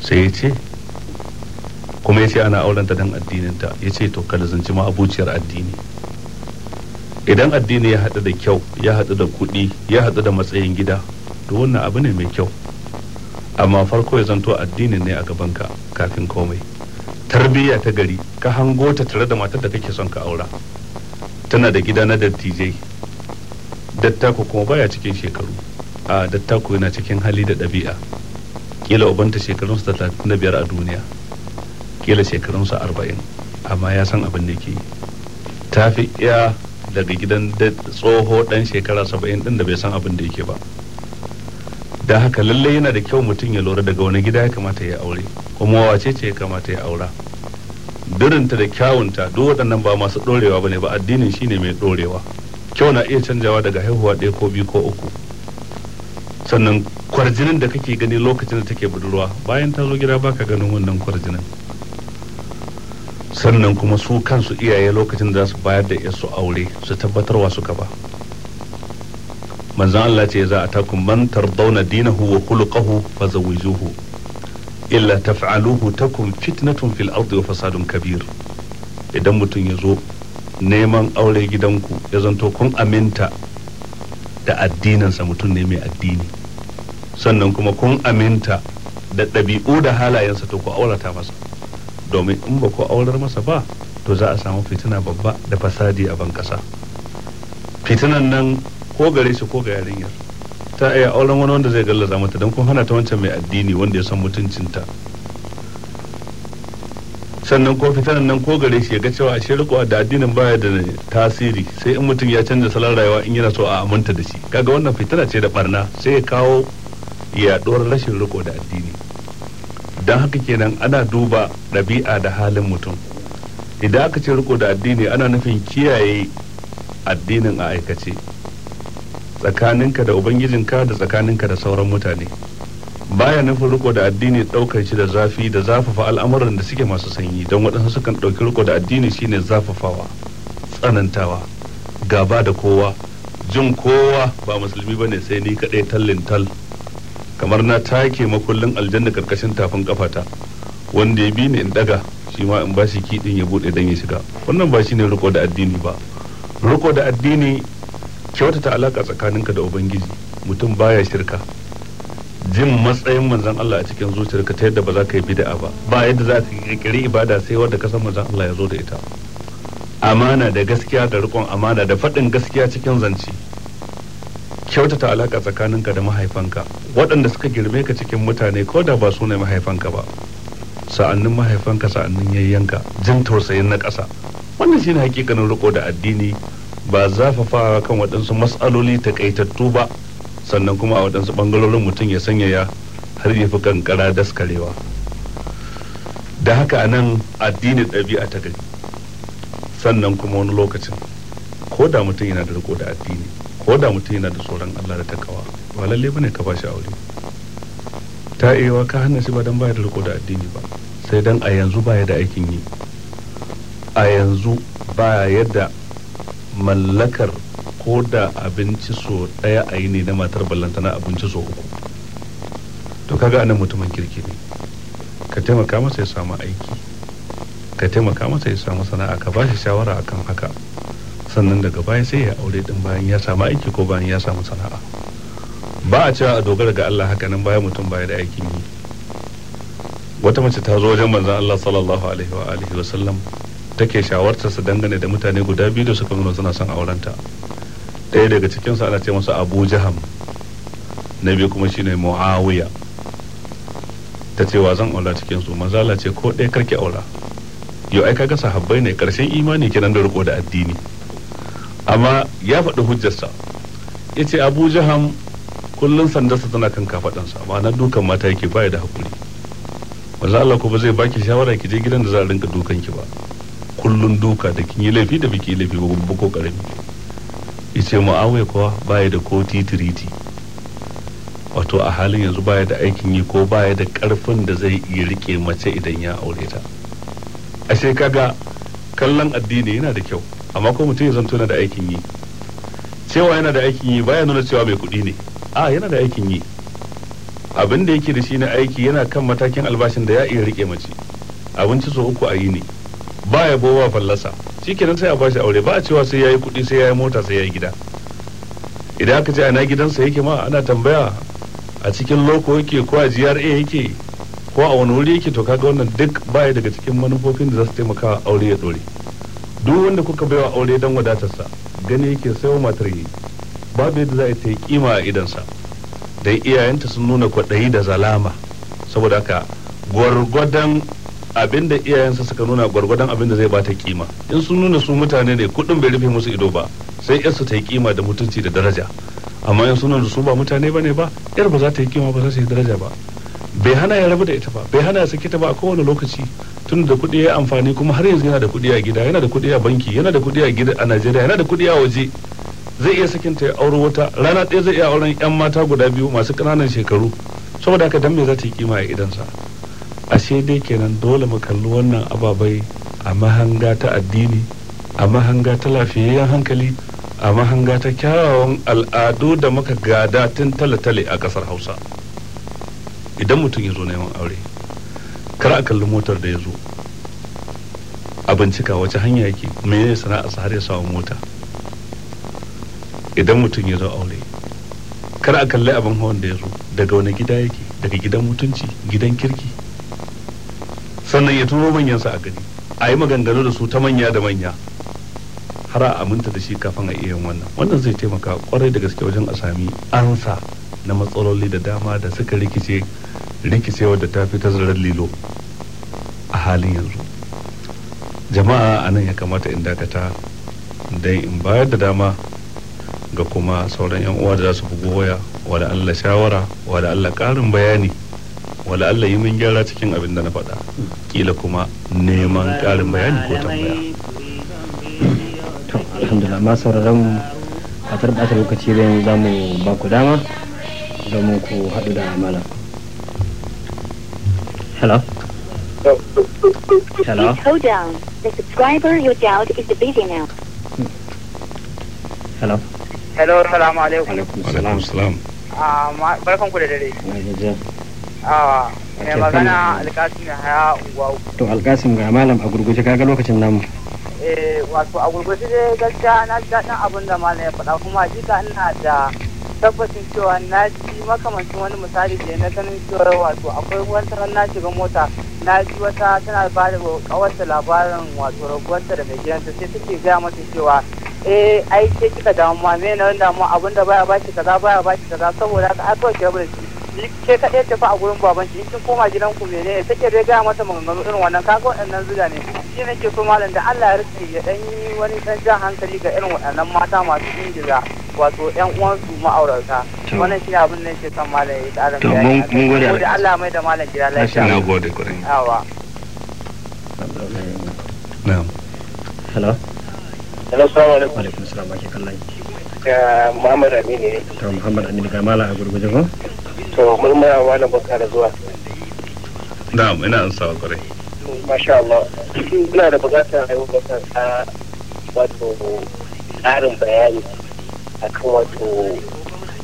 sai ya ce kuma ya ce ana aurenta don addininta ya ce to zanci ma abuciyar addini idan addini ya haɗu da kyau ya haɗu da kuɗi ya haɗu da matsayin gida to wannan abu ne mai kyau amma farko ya zanto addinin ne a gabanka kafin komai tarbiyya ta gari ka hango ta tare da matar da kake son ka aura tana da gida na dattijai dattako kuma baya cikin shekaru a dattako yana cikin hali da ɗabi'a kila ubanta shekarunsa talatin da biyar a duniya kila shekarunsa arba'in amma ya san abin da ke tafi iya daga gidan tsoho ɗan shekara saba'in ɗin da bai san abin da yake ba da haka lallai yana da kyau mutum ya lura daga wani gida ya kamata ya aure kuma wace ce ya kamata ya aura dirinta da kyawunta duk waɗannan ba masu ɗorewa ba ne ba addinin shine mai ɗorewa kyau na iya canjawa daga haihuwa ɗaya ko biyu ko uku sannan kwarjinin da kake gani lokacin da take budurwa bayan ta zo gida baka ganin wannan kwarjinin sannan kuma su kansu iyaye lokacin da za su bayar da su aure su tabbatarwa suka ba manzon Allah ce za a takun man dina dinahu wa khuluquhu fazawijuhu illa taf'aluhu takum fitnatun fil ardi wa fasadun kabir idan mutum ya zo neman aure gidanku ya zanto kun aminta da addininsa mutum ne mai addini sannan kuma kun aminta da ɗabi'u da halayensa to ku aurata masa domin in ba ku aurar masa ba to za a samu fitina babba da fasadi a ban ƙasa fitinan nan ko gare shi ko ga yarinyar ta iya auren wani wanda zai gallaza mata don kun hana ta wancan mai addini wanda ya san mutuncinta sannan ko fitanan nan ko gare shi ya ga cewa ashe riko da addinin baya da tasiri sai in mutum ya canza salon rayuwa in yana so a aminta da shi kaga wannan fitana ce da barna sai ya kawo yaɗuwar rashin riko da addini don haka kenan ana duba ɗabi'a da halin mutum idan aka ce riko da addini ana nufin kiyaye addinin a aikace tsakaninka da ubangijinka da tsakaninka da sauran mutane baya nufin riko da addini daukar shi da zafi da zafafa al'amuran da suke masu sanyi don waɗansu sukan ɗauki riko da addini shine zafafawa tsanantawa gaba da kowa jin kowa ba musulmi ba ne sai ni kaɗai tallin tal kamar na take makullin aljanna karkashin tafin kafata wanda ya bi ni in daga shi ma in bashi kiɗin ya buɗe dan ya shiga wannan ba shi ne riko da addini ba riko da addini kyautata alaka tsakaninka da ubangiji mutum baya shirka jin matsayin manzan Allah a cikin zuciyarka ta yadda ba za ka yi bid'a ba ba yadda za ka kirkiri ibada sai wanda ka san manzan Allah ya zo da ita amana da gaskiya da rikon amana da faɗin gaskiya cikin zance kyautata alaka tsakaninka da mahaifanka waɗanda suka girme ka cikin mutane ko da ba su ne mahaifanka ba sa'annin mahaifanka sa'annin yayyanka jin tausayin na ƙasa wannan shine hakikanin riko da addini ba zafafawa kan waɗansu matsaloli takaitattu ba sannan kuma a waɗansu ɓangarorin mutum ya ya har ya fi kankara daskarewa da haka a nan addini ɗabi'a ta gari sannan kuma wani lokacin ko da mutum yana da riko da addini ko da mutum yana da tsoron Allah da takawa ba lalle bane ka bashi aure ta ewa ka hana shi ba dan baya da riko da addini ba sai dan a yanzu baya da aikin yi a yanzu baya yadda mallakar ko da abinci so ɗaya a yi ne na matar na abinci so uku to kaga anan mutumin kirki ne ka taimaka masa ya samu aiki ka taimaka masa ya samu sana'a ka ba shi shawara akan haka sannan daga baya sai ya aure din bayan ya samu aiki ko bayan ya samu sana'a ba a cewa a dogara ga Allah haka nan bayan mutum baya da aikin yi wata mace ta zo wajen manzon Allah sallallahu alaihi wa alihi wa sallam take su dangane da mutane guda biyu da suka nuna suna son aurenta ɗaya daga cikinsu ana ce masa abu jaham na biyu kuma shine muawiya ta ce wa zan aura cikinsu mazala ce ko ɗaya karki aura yau ai kaga sahabbai ne karshen imani kenan da riko da addini amma ya faɗi hujjarsa ya ce abu jaham kullum sandarsa tana kan kafaɗansa na dukan mata yake baya da hakuri manzo Allah ko ba zai baki shawara ki je gidan da za a rinka dukan ki ba kullun duka da kin yi laifi da biki laifi ba babba ko karami mu mu'awiya kuwa baya da ko titiriti wato a halin yanzu baya da aikin yi ko baya da karfin da zai iya rike mace idan ya aure ta ashe kaga kallon addini yana da kyau amma ko mutum ya zanto yana da aikin yi cewa yana da aikin yi baya nuna cewa mai kuɗi ne a yana da aikin yi abin da yake da shi na aiki yana kan matakin albashin da ya iya rike mace abinci so uku a yi ne ba ya bowa fallasa shikenan sai a bashi aure ba a cewa sai ya yi kuɗi sai ya yi mota sai ya yi gida idan aka ce ana gidansa yake ma ana tambaya a cikin loko yake ko a GRA yake ko a wani wuri yake to kaga wannan duk baya daga cikin manufofin da za su taimaka aure ya dore duk wanda kuka bai wa aure don wadatarsa gani yake wa matar yi babu yadda za a ta yi kima a idansa dan iyayenta sun nuna kwaɗayi da zalama saboda haka gwargwadon abin abinda iyayensa suka nuna gwargwadon da zai bata kima in sun nuna su mutane ne kudin bai rufe musu ido ba sai yarsu ta yi kima da mutunci da daraja amma in sun nuna su ba mutane ba ne ba yar ba za ta yi kima ba za ta yi daraja ba bai hana ya rabu da ita ba bai hana ya saki ta ba a kowane lokaci tun da kuɗi ya amfani kuma har yanzu yana da kuɗi a gida yana da kuɗi a banki yana da kuɗi a gida a Najeriya yana da kuɗi a waje zai iya sakin ta ya auro wata rana ɗaya zai iya auren yan mata guda biyu masu ƙananan shekaru saboda haka dan me za ta yi kima a idansa ashe dai kenan dole mu kalli wannan ababai a mahanga ta addini a mahanga ta lafiyayyen hankali a mahanga ta kyawawan al'adu da muka gada tun tale-tale a kasar hausa idan mutum ya zo neman aure kar a kalli motar da ya zo a bincika wace hanya yake mene sana'a har ya samu mota idan mutum ya zo aure kar a kalli abin hawan da ya zo daga wani gida yake daga gidan mutunci gidan kirki sannan ya turo manyansa a gari a yi maganganu da su ta manya da manya har a aminta da shi kafin a iya yin wannan wannan zai taimaka kwarai da gaske wajen a sami ansa na matsaloli da dama da suka rikice rikicewa da ta fi tazarar lilo a halin yanzu jama'a a nan ya kamata in dakata dai in bayar da dama ga kuma sauran 'yan uwa da za su bugu waya wa allah shawara wa allah karin bayani wala Allah yi mun gyara cikin abin da na faɗa kila kuma neman ƙarin bayani ko tambaya to alhamdulillah ma sauraron a tarɓata lokaci da yanzu zamu ba ku dama domin ku haɗu da malam hello hello hold down the subscriber you dialed is busy now hello hello assalamu alaikum alaikum assalam ah, barkan ku da dare magana alkasim ya haya uwa to alkasim ga malam a gurguje kaga lokacin eh wato a gurguje dai gaskiya na ji daɗin abin da ya faɗa kuma hakika ina da tabbacin cewa na ji wani misali da na sanin cewa wato akwai wata na shiga mota na wata tana ba da kawarta labarin wato da mai gidanta sai gaya masa cewa eh ai kika damu ma abinda baya ba shi kaza baya ba shi kaza saboda aka ke kaɗai tafi a gurin baban ki kin koma gidan ku mene ne take dai gaya mata maganganu irin wannan kaga waɗannan zuga ne shi ne ke so malam da Allah ya rike ya ɗan yi wani ɗan jan hankali ga irin waɗannan mata masu ingiza wato ƴan uwansu ma'aurata wannan shi abin ne ke son malam ya yi ƙarin bayani to mun gode da Allah mai da malam gida lafiya na gode kurai awa na'am hello hello assalamu alaikum alaikum assalam ake kallon ki Muhammad Aminu ne. Ta Muhammad Aminu ga mala a gurguje ko? to murmura malam baka da zuwa na'am ina an sawa kwarai masha Allah ina da bukatar ayyukan baka ta wato tsarin bayani akan wato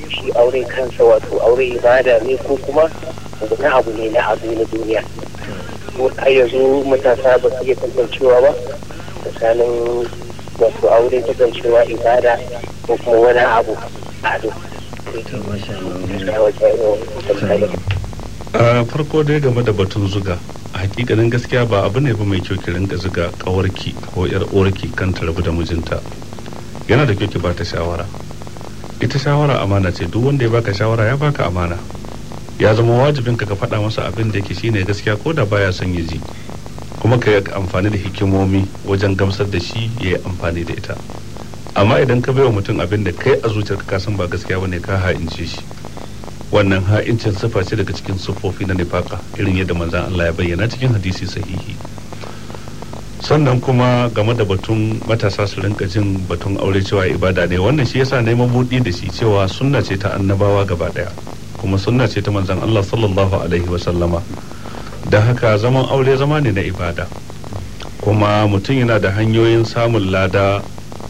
shi aure kansa wato aure ibada ne ko kuma wani abu ne na abu na duniya ko a yanzu matasa ba su iya tantancewa ba tsakanin wato aure tantancewa ibada ko kuma wani abu a a farko dai game da batun zuga a hakikanin gaskiya ba abu ne ba mai kyau kirin rinka zuga kawarki ko yar orki kan tarbi da mijinta yana da kyau ki bata shawara ita shawara amana ce duk wanda ya baka shawara ya baka amana ya zama wajibin ka ka faɗa masa abin da yake shine gaskiya ko da baya son ya ji kuma ka yi amfani da hikimomi wajen gamsar da shi ya yi amfani da ita amma idan ka baiwa mutum abin da kai a zuciyarka ka san ba gaskiya bane ka ha'ince shi wannan ha'incin sifa ce daga cikin sufofi na nifaka irin yadda manzan Allah ya bayyana cikin hadisi sahihi sannan kuma game da batun matasa su rinka jin batun aure cewa ibada ne wannan shi yasa neman buɗi da shi cewa sunna ce ta annabawa gaba ɗaya kuma sunna ce ta manzan Allah sallallahu alaihi wa sallama da haka zaman aure zama ne na ibada kuma mutum yana da hanyoyin samun lada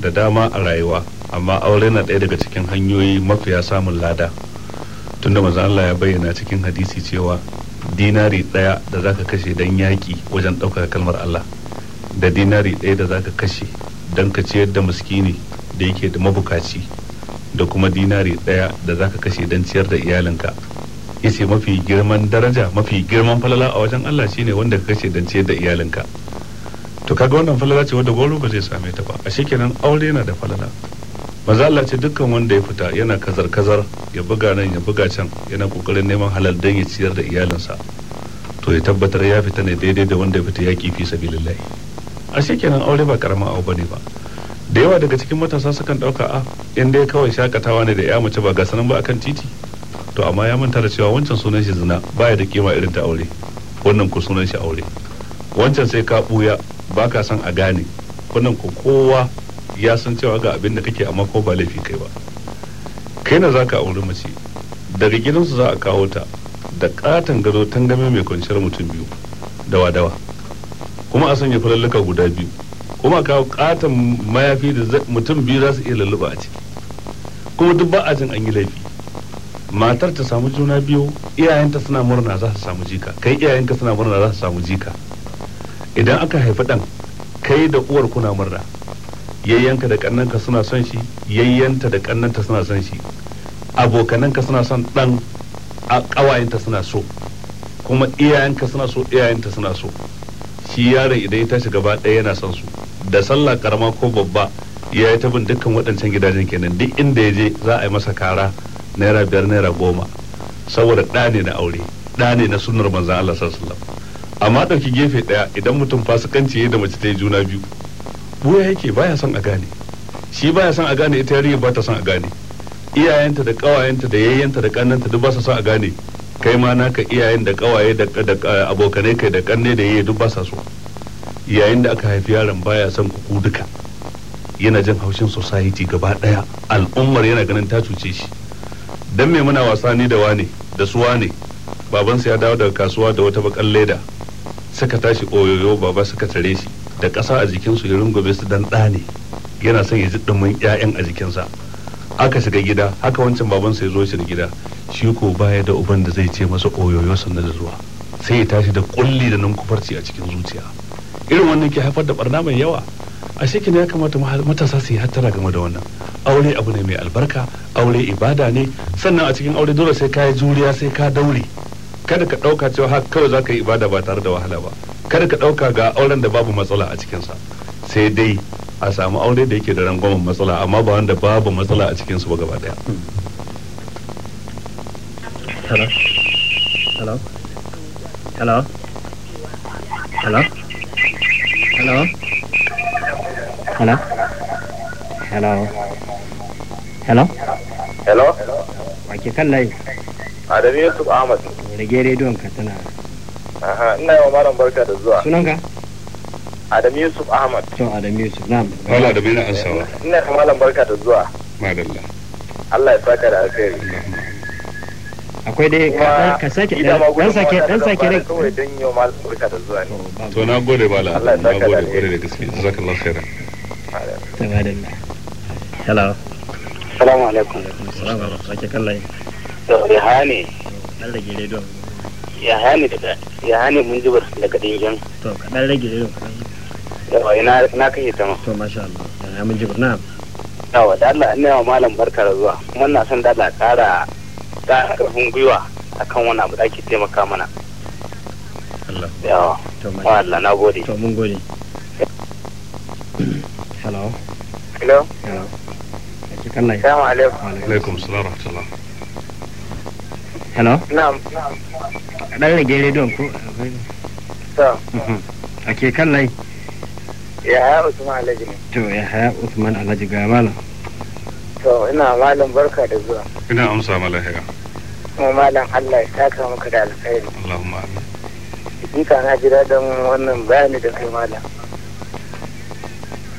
da dama a rayuwa amma aure na ɗaya daga cikin hanyoyi mafiya samun lada tunda manzon Allah ya bayyana cikin hadisi cewa dinari ɗaya da zaka kashe dan yaƙi wajen ɗaukar kalmar Allah da dinari ɗaya da zaka kashe don ka ciyar da miskini da yake da mabukaci da kuma dinari ɗaya da zaka kashe don ciyar da iyalinka yace mafi girman daraja mafi girman falala a wajen Allah shine wanda ka kashe don ciyar da iyalinka to kaga wannan falala ce wadda goro ba zai same ta ba a shekenan aure yana da falala maza Allah ce dukkan wanda ya fita yana kazar kazar ya buga nan ya buga can yana kokarin neman halal dan ya ciyar da iyalinsa to ya tabbatar ya fita ne daidai da wanda ya fita yaki fi sabilillahi a shekenan aure ba karamin abu bane ba da yawa daga cikin matasa sukan dauka a ah, in dai kawai shakatawa ne da ya mace ba ga sanan ba akan titi to amma ya manta da cewa wancan sunan shi zina baya da kima irin ta aure wannan ku sunan shi aure wancan sai ka buya ba ka san a gane kunan ku kowa ya san cewa ga abin da kake amma ko ba laifi kai ba kai na zaka auri mace daga gidansu za a kawo ta da katon gado tangame mai kwanciyar mutum biyu dawa dawa kuma a sanya falalluka guda biyu kuma a kawo katon mayafi da mutum biyu za su iya lulluɓa a ciki kuma duk ba a jin an yi laifi matar ta samu juna biyu iyayenta suna murna za su samu jika kai iyayenka suna murna za su samu jika idan aka haifi ɗan kai da uwar kuna murna yayyanka da kannanka suna son shi yayyanta da kannanta suna son shi abokananka suna son ɗan a ƙawayenta suna so kuma iyayenka suna so iyayenta suna so shi yaron idan ya tashi gaba ɗaya yana son su da sallah karama ko babba ya yi tabin dukkan waɗancan gidajen kenan duk inda ya je za a yi masa kara naira biyar naira goma saboda ɗa ne na aure ɗa ne na sunar manzan Allah sallallahu alaihi wasallam amma ɗauki gefe ɗaya idan mutum fasikanci ya da mace ta yi juna biyu buya yake baya son a gane shi baya son a gane ita yarinya ba ta son a gane iyayenta da ƙawayenta da yayyanta da ƙannanta duk ba sa son a gane kai ma naka iyayen da ƙawaye da abokanai kai da ƙanne da yayye duk ba sa so yayin da aka haifi yaron baya son ku duka yana jin haushin society gaba ɗaya al'ummar yana ganin ta cuce shi dan me muna wasa ni da wane da su wane babansa ya dawo daga kasuwa da wata bakan leda suka tashi oyoyo baba suka tare shi da ƙasa a jikinsu ya gobe su dan ɗane yana son ya ji ɗumin 'ya'yan a jikinsa aka shiga gida haka wancan babansa ya zo shi gida shi ko baya da uban da zai ce masa oyoyo sannan da zuwa sai ya tashi da kulli da nan a cikin zuciya irin wannan ke haifar da barna mai yawa a shekin ya kamata matasa su yi hattara game da wannan aure abu ne mai albarka aure ibada ne sannan a cikin aure dole sai ka yi juriya sai ka daure kada ka ɗauka cewa haka kawai za ka yi ibada ba tare da wahala ba kada ka ɗauka ga auren da babu matsala a cikinsa sai dai a samu aure da yake da rangwamen matsala amma ba wanda babu matsala a cikinsu ba gaba ɗaya. Hello? Hello? Hello? Hello? Hello? Hello? Hello? Hello? Hello? Hello? Hello? Adamu Yusuf Ahmad. Rage rediyon ka tana. Aha, ina yawa malam barka da zuwa. Sunanka? Adamu Yusuf Ahmad. To Adamu Yusuf, na'am. Wala Adamu yana ansawa. Ina yawa malam barka da zuwa. Madalla. Allah ya saka da alheri. akwai dai ka sake dan sake dan sake rai kawai dan yau malam barka da zuwa ne to na gode bala Allah na gode gode da gaske jazakallahu khairan tabaraka hello assalamu alaikum assalamu alaikum sake kallai ya hane dan rage rediyon ya hane daga ya hane mun jibar daga dingin to ka dan rage rediyon yawa ina na kashe ta ma to masha Allah ya hane mun jibar na'am yawa da Allah ina wa malam barka da zuwa kuma ina son da Allah kara da karfin gwiwa akan wani abu da ake taimaka mana Allah yawa to masha Allah na gode to mun gode hello hello hello Assalamu alaikum. Wa alaikum salam wa rahmatullah. hello na'am dan rage rediyon ko mhm. a ke kan lai ya haya usman alhaji ne to ya haya usman alhaji ga malam to ina malam barka da zuwa ina amsa malahira kuma malam allah ya saka ka da alkhairi allahumma amin hakika na jira daɗin wannan bayani da kai malam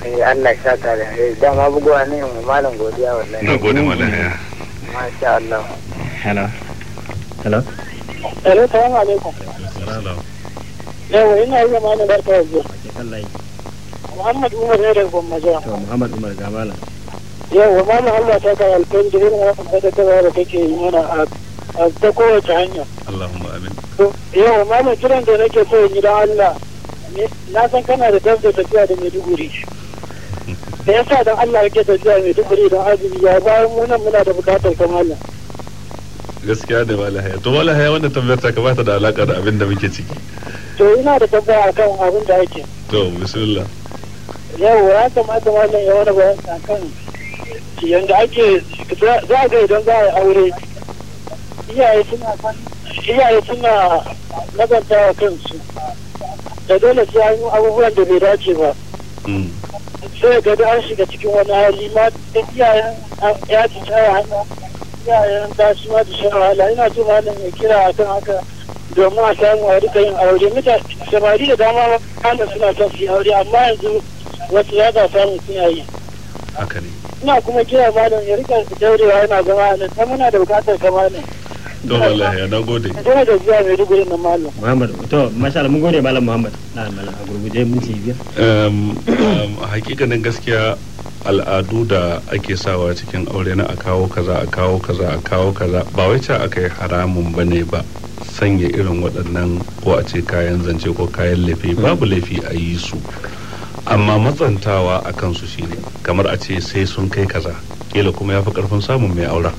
eh allah ya saka da alkhairi eh, dama bugowa ne malam godiya wallahi na gode ya masha allah hello hello hello salamu alaikum yawa ina yi zama na barka yanzu muhammad umar ne daga gwamnati to muhammad umar ga malam yawa malam allah ta kara alfahari da irin wannan fadakarwa da kake yi mana a ta kowace hanya allahumma amin yawa malam kiran da nake so yi don allah na san kana da dabda tafiya da maiduguri da yasa don allah kake tafiya maiduguri don azumi ya bayan munan muna da bukatar kamala gaskiya ne wala haya to wala haya wannan tambayar ta kamata da alaka da abin da muke ciki to ina da tambaya akan abin da ake to bismillah yau ya kamata wannan ya wani bayan akan yanda ake za ga idan za a yi aure iyaye suna san iyaye suna nazarta wa kansu da dole sai an abubuwan da bai dace ba mm. sai ga an shiga cikin wani hali ma iyayen ya ci tsaye hannu yayan tashi ma da shan wahala ina malam ya kira kan haka domin a samu a yin aure mutane samari da dama malam suna son su yi aure amma yanzu wasu suna yi haka ne ina kuma kira malam ya rika daurewa yana zama a nan muna da bukatar ka malam to wallahi ya nagode da zuwa mai nan malam muhammad to masha mun gode malam muhammad na malam a mun um hakikanin gaskiya al'adu da ake sawa cikin aure na a kawo kaza a kawo kaza a kawo kaza ba wai ce aka yi haramun ba ne ba sanya irin waɗannan ko a ce kayan zance ko kayan laifi hmm. babu laifi a yi su amma matsantawa a kansu ne kamar a ce sai sun kai kaza kila kuma ya fi karfin samun mai aura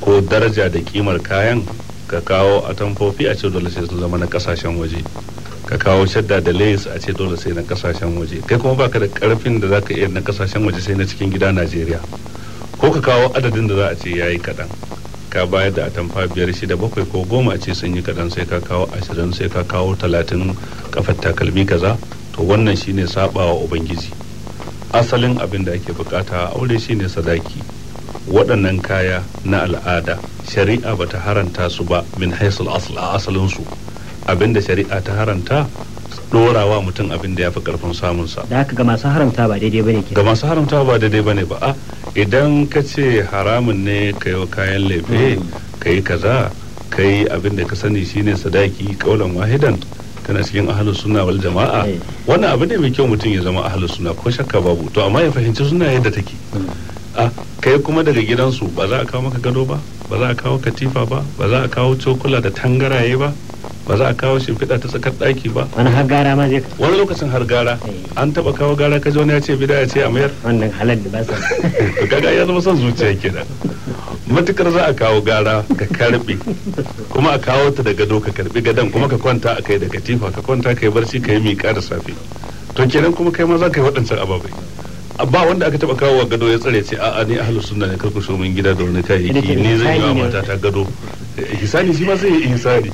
ko daraja da kimar kayan ka kawo a atamfofi a ce dole sai sun zama na ƙasashen waje ka kawo shadda da layers a ce dole sai na kasashen waje kai kuma baka da karfin da zaka iya na kasashen waje sai na cikin gida Najeriya ko ka kawo adadin da za a ce yayi kadan ka bayar da atamfa biyar shida bakwai ko goma a ce sun yi kadan sai ka kawo ashirin sai ka kawo talatin kafar takalmi kaza to wannan shine sabawa ubangiji asalin abin da ake bukata a aure shine sadaki waɗannan kaya na al'ada shari'a bata haranta su ba min haisul asl a asalinsu abin da shari'a ta haramta dorawa mutum abin da ya fi karfin samunsa da haka ga masu haramta ba daidai bane ke ga masu haramta ba daidai bane ba idan ka ce haramun ne ka yi kayan lefe ka yi kaza ka yi abin da ka sani shine sadaki kaulan wahidan kana cikin ahalus sunna wal jama'a eh. wannan abin ne mai kyau mutum ya zama ahalus sunna ko shakka babu to amma ya fahimci suna yadda take a kai kuma daga gidansu ba za a kawo maka gado ba ba za a kawo katifa ba ba za a kawo cokula da tangaraye ba ba za a kawo shimfiɗa ta tsakar ɗaki ba wani har gara ma zai wani lokacin har gara an taɓa kawo gara ka wani ya ce bida ya ce a mayar wannan halar da ba sa to kaga ya zama son zuciya kenan matukar za a kawo gara ka karbe kuma a kawo ta da gado ka karbi gadon kuma ka kwanta a kai da katifa ka kwanta kai barci ka yi miƙa da safe to kenan kuma kai ma za ka yi waɗancan ababai ba wanda aka taba kawo gado ya tsare ce a'a ni ahlus sunna ne karku so min gida da wani kayayyaki ni zan yi wa matata gado eh, hisani shi ma zai yi hisani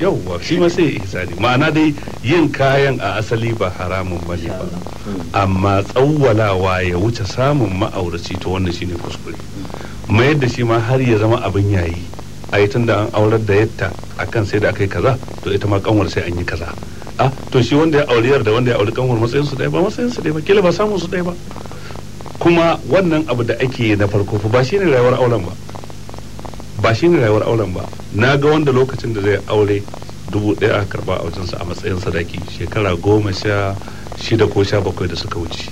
yauwa shi ma sai ihsani ma'ana dai yin kayan a asali ba haramun bane ba amma tsawwalawa ya wuce samun ma'auraci to wannan shine kuskure mayar da shi ma har ya zama abin yayi a yi tun da an aurar da yatta akan sai da aka yi kaza to ita ma kanwar sai an yi kaza a ah, to shi wanda ya auriyar da wanda ya auri kanwar matsayin su ɗaya ba matsayin su ɗaya ba kila ba samun su ɗaya ba kuma wannan abu da ake na farko fa ba shine rayuwar auren ba ba shi ne rayuwar auren ba na ga wanda lokacin da zai aure dubu ɗaya a karba a wajensa a matsayin sadaki shekara goma sha shida ko sha bakwai da suka wuce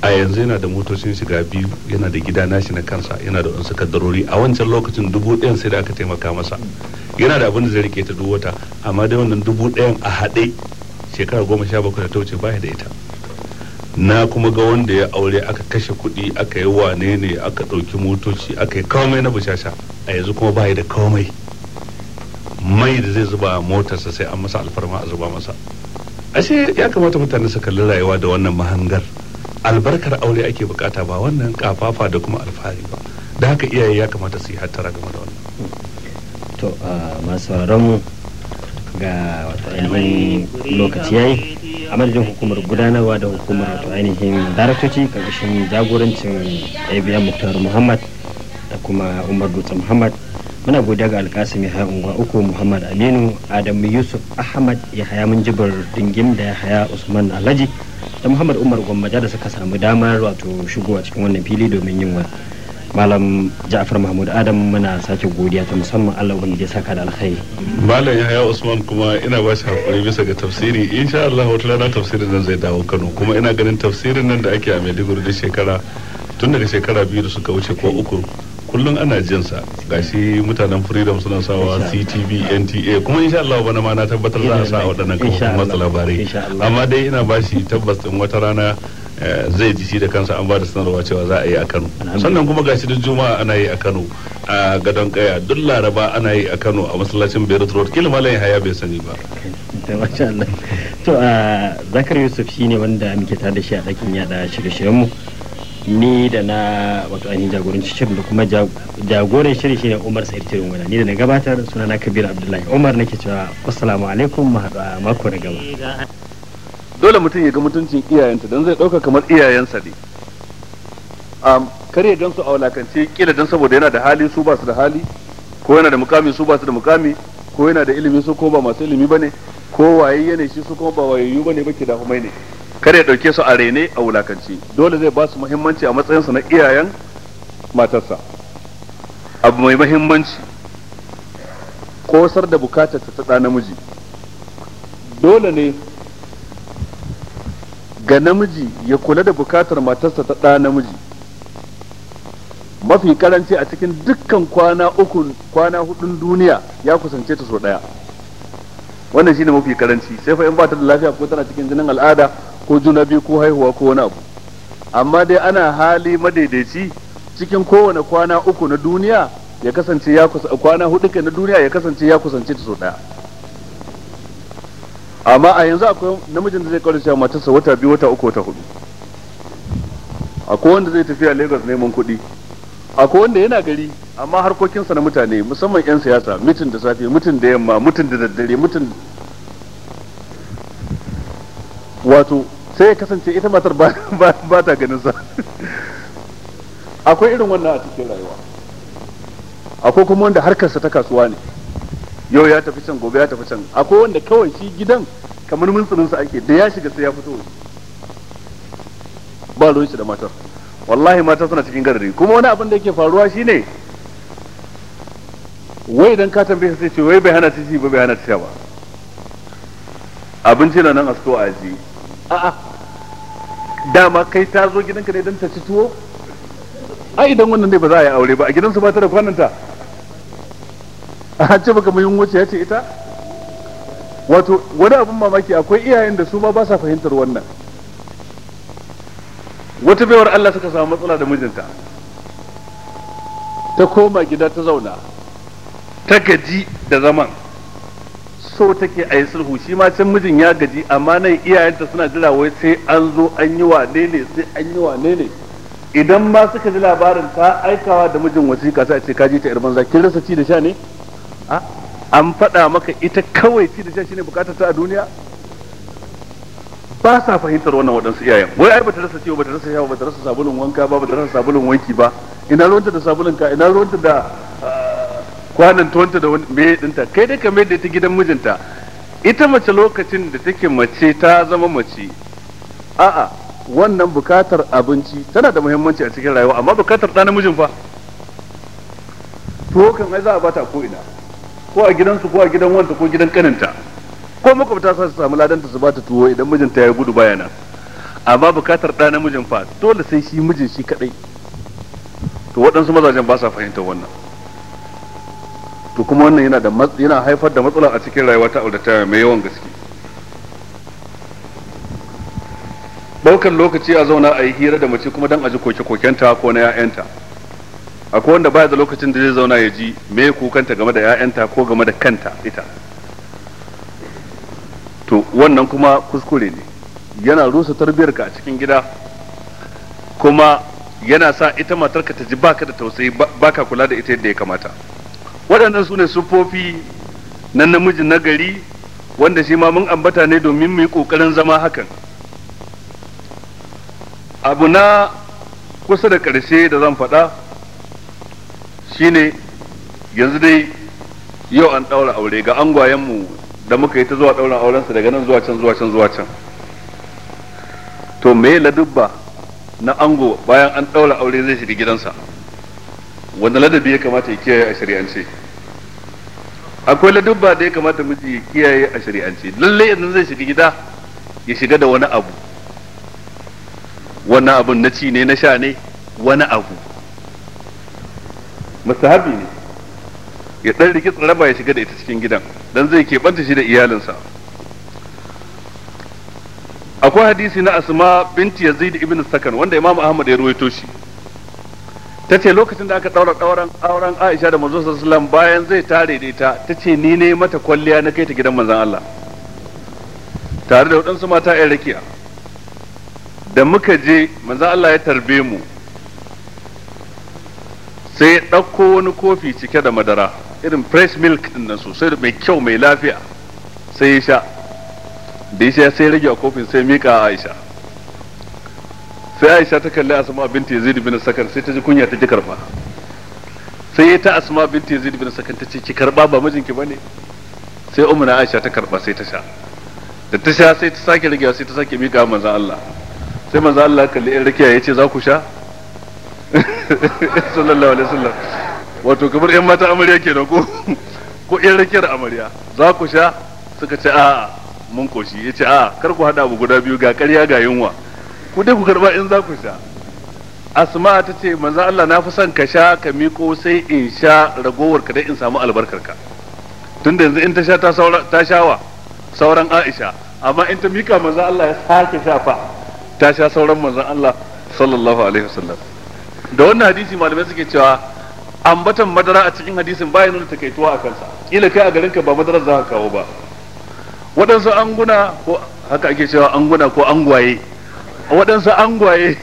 a yanzu yana da motocin shiga biyu yana da gida nashi na kansa yana da wasu kaddarori a wancan lokacin dubu ɗayan sai da aka taimaka masa yana da abin da zai rike ta duk wata amma dai wannan dubu ɗayan a haɗe shekara goma sha bakwai da ta wuce ba da ita na kuma ga wanda ya aure aka kashe kuɗi aka yi wane ne aka ɗauki motoci aka yi komai na bushasha a yanzu kuma baya da komai mai da zai zuba motarsa sai an masa alfarma a zuba masa ashe ya kamata mutane su kalli rayuwa da wannan mahangar albarkar aure ake bukata ba wannan kafafa da kuma alfahari ba da haka iyaye ya kamata su yi hattara game da wannan to ah, masu ga wata lokaci yayi a hukumar gudanarwa da hukumar wato ainihin daraktoci karkashin jagorancin abm muktar muhammad da kuma umar dutse muhammad muna godiya ga alkasimi ya unguwa uku muhammad aminu adamu yusuf ahmad ya haya mun jibar dingim da ya haya usman alhaji da muhammad umar gwamnati da suka samu damar wato shigowa cikin wannan fili domin yin wani malam ja'far mahmud adam muna sake godiya ta musamman allah wani ya saka da alkhairi malam yahaya usman kuma ina ba shi hakuri bisa ga tafsiri insha allah wata rana tafsirin nan zai dawo kano kuma ina ganin tafsirin nan da ake a maiduguri da shekara tun daga shekara biyu da suka wuce ko uku kullum ana jin ga gashi mutanen freedom suna sawa ctv nta kuma insha allah bana ma na tabbatar za a sa waɗannan kafofin watsa labarai amma dai ina ba shi tabbas wata rana Eh, zai ji shi da kansa an bada sanarwa cewa za a yi a kano sannan kuma gashi shi juma'a ana yi a kano a gadon kaya duk laraba ana yi a kano a masallacin beirut road kila malayin haya bai sani ba to a zakar yusuf ne wanda muke tare da shi a ɗakin yada shirye-shiryenmu ni da na wato ainihin jagoran shirin da kuma jagoran shirin shine Umar Sa'id Tirin wani ni da na gabatar na Kabir Abdullahi Umar nake cewa assalamu alaikum a mako da gaba dole mutum ya ga mutuncin iyayenta don zai ɗauka kamar iyayensa ne kare don su a walakance kila don saboda yana da hali su ba su da hali ko yana da mukami su ba su da mukami ko yana da ilimi su ko ba masu ilimi ba ne, ko wayayye ne shi su kuma ba wayayyu ne ba ke da humai ne kar ya ɗauke su a rene a wulakance dole zai ba su muhimmanci a matsayinsa na iyayen matarsa abu mai muhimmanci kosar da bukatar ta ta namiji dole ne ga namiji ya kula da bukatar matarsa ta ɗa namiji mafi karanci a cikin dukkan kwana uku kwana hudun duniya ya kusance ta so ɗaya wannan shine mafi karanci sai fa in ba ta da lafiya ko tana cikin jinin al'ada ko juna biyu ko haihuwa ko wani abu amma dai ana hali madaidaici cikin kowane kwana uku na duniya ya kasance ya kusa kwana hudu na duniya ya kasance ya kusance ta so ɗaya amma a yanzu akwai namijin da zai kaura cewa matarsa wata biyu wata uku wata hudu akwai wanda zai tafiya Lagos neman kuɗi akwai wanda yana gari amma harkokinsa na mutane musamman 'yan siyasa mutum da safe mutum da yamma mutum da daddare mutum wato sai ya kasance ita matar ba ta ganin sa akwai irin wannan a cikin rayuwa akwai kuma wanda harkarsa ta kasuwa ne yau ya tafi can gobe ya tafi can akwai wanda kawai shi gidan kamar mulkin su ake da ya shiga sai ya fito waje ba ruwan shi da matar wallahi mata suna cikin garari kuma wani abin da yake faruwa shine wai idan ka tambaye sai ce wai bai hana ta ci ba bai hana ta ba abinci na nan a sto a ji a'a dama kai ta zo gidanka ne don ta ci tuwo ai idan wannan ne ba za a yi aure ba a gidansu ba ta da kwananta a ce baka mai wuce ya ce ita wato wani abin mamaki akwai iyayen da su ma ba sa fahimtar wannan wata baiwar Allah suka samu matsala da mijinta ta koma gida ta zauna ta gaji da zaman so take a yi sulhu shi ma can mijin ya gaji amma na iyayenta suna jira wai sai an zo an yi wane ne sai an yi wane ne idan ma suka ji labarin ta aikawa da mijin wasiƙa sai a ce kaji ta irman za kin rasa ci da sha ne an faɗa maka ita kawai ci da sha shine bukatar ta a duniya ba sa fahimtar wannan waɗansu iyayen wai ai bata rasa ciwo bata rasa shawa bata rasa sabulun wanka ba bata rasa sabulun wanki ba ina ruwanta da sabulun ka ina ruwanta da ah, kwanan tuwanta da me dinta kai dai ka da ta gidan mijinta ita mace lokacin da take mace ta zama mace a'a wannan bukatar abinci tana da muhimmanci a cikin rayuwa amma bukatar ɗan namijin fa to kan ai za a bata ko ina ko a gidansu ko a gidan wanta ko gidan kaninta ko makwabta sa su samu ladanta su bata tuwo idan mijinta ya gudu baya nan amma bukatar ɗa namijin fa dole sai shi mijin shi kadai to waɗansu mazajen ba sa fahimtar wannan to kuma wannan yana da yana haifar da matsala a cikin rayuwa ta taya mai yawan gaske ɗaukar lokaci a zauna a yi hira da mace kuma dan a ji koke-kokenta ko na 'ya'yanta akwai wanda baya da lokacin da zai zauna ya ji me kukanta game da 'ya'yanta ko game da kanta ita to wannan kuma kuskure ne yana rusa tarbiyyarka a cikin gida kuma yana sa ita matar ka ta ji baka da tausayi baka kula da ita yadda ya kamata waɗannan su ne sufofi na namiji na gari wanda shi ma mun ambata ne domin mu yi ƙoƙarin zama hakan abu na kusa da ƙarshe da zan faɗa shine yanzu dai yau an daura aure ga angwayenmu da muka yi ta zuwa daura aurensa daga nan zuwa can zuwa can zuwa can to me ladubba na ango bayan an daura aure zai shiga gidansa wanda ladabi ya kamata ya kiyaye a shari'ance akwai ladubba da ya kamata miji ya kiyaye a shari'ance lalle idan zai shiga gida ya shiga da wani abu wani abu na ci ne na sha ne wani abu mustahabi ne ya dan riki tsaraba ya shiga da ita cikin gidan dan zai keɓanta shi da iyalinsa akwai hadisi na asma binti yazid ibn sakan wanda imamu ahmad ya ruwaito shi ta ce lokacin da aka ɗaura ɗauran auren aisha da manzo sallallahu bayan zai tare da ita ta ce ni ne mata kwalliya na kai ta gidan manzon Allah tare da waɗansu mata 'yan rakiya da muka je manzon Allah ya tarbe mu sai ya ɗauko wani kofi cike da madara irin fresh milk din nan sosai da mai kyau mai lafiya sai ya sha da ya sha sai rage a kofin sai mika a Aisha sai Aisha ta kalli Asma binti Yazid bin Sakan sai ta ji kunya ta ji karfa sai ya ta Asma binti Yazid bin Sakan ta ce ki karba ba mijinki bane sai Ummuna Aisha ta karba sai ta sha da ta sha sai ta sake rage sai ta sake mika manzon Allah sai manzon Allah kalli in rakiya yace za ku sha sallallahu alaihi wasallam wato kamar yan mata amarya kenan ko ko yan rakiyar amarya za ku sha suka ce a'a mun koshi yace a'a kar ku hada abu guda biyu ga ƙarya ga yunwa ku dai ku karba in za ku sha asma ta ce manzo Allah na fi son ka sha ka miko sai in sha ragowar ka dai in samu albarkar ka tunda yanzu in ta sha ta saura ta shawa sauran Aisha amma in ta mika manzo Allah ya sake shafa ta sha sauran manzo Allah sallallahu alaihi wasallam da wannan hadisi malamai suke cewa ambatan madara a cikin hadisin bayan nuna takaituwa a kansa kila kai a garin ka ba madara za ka kawo ba waɗansu anguna ko haka ake cewa anguna ko angwaye a waɗansu angwaye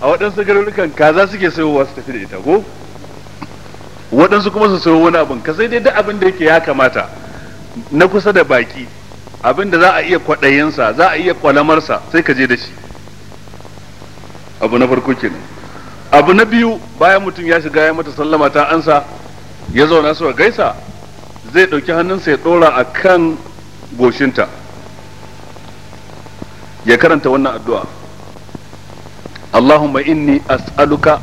a waɗansu garurukan kaza suke sayowa su tafi da ita ko waɗansu kuma su sayo wani abin ka sai dai duk abin da yake ya kamata na kusa da baki abin da za a iya kwaɗayinsa za a iya kwalamarsa sai ka je da shi abu na farko kenan abu na biyu bayan mutum ya shiga ya mata sallama ta ansa ya zauna suka gaisa zai ɗauki hannunsa ya ɗora a kan goshinta ya karanta wannan addu'a Allahumma inni as'aluka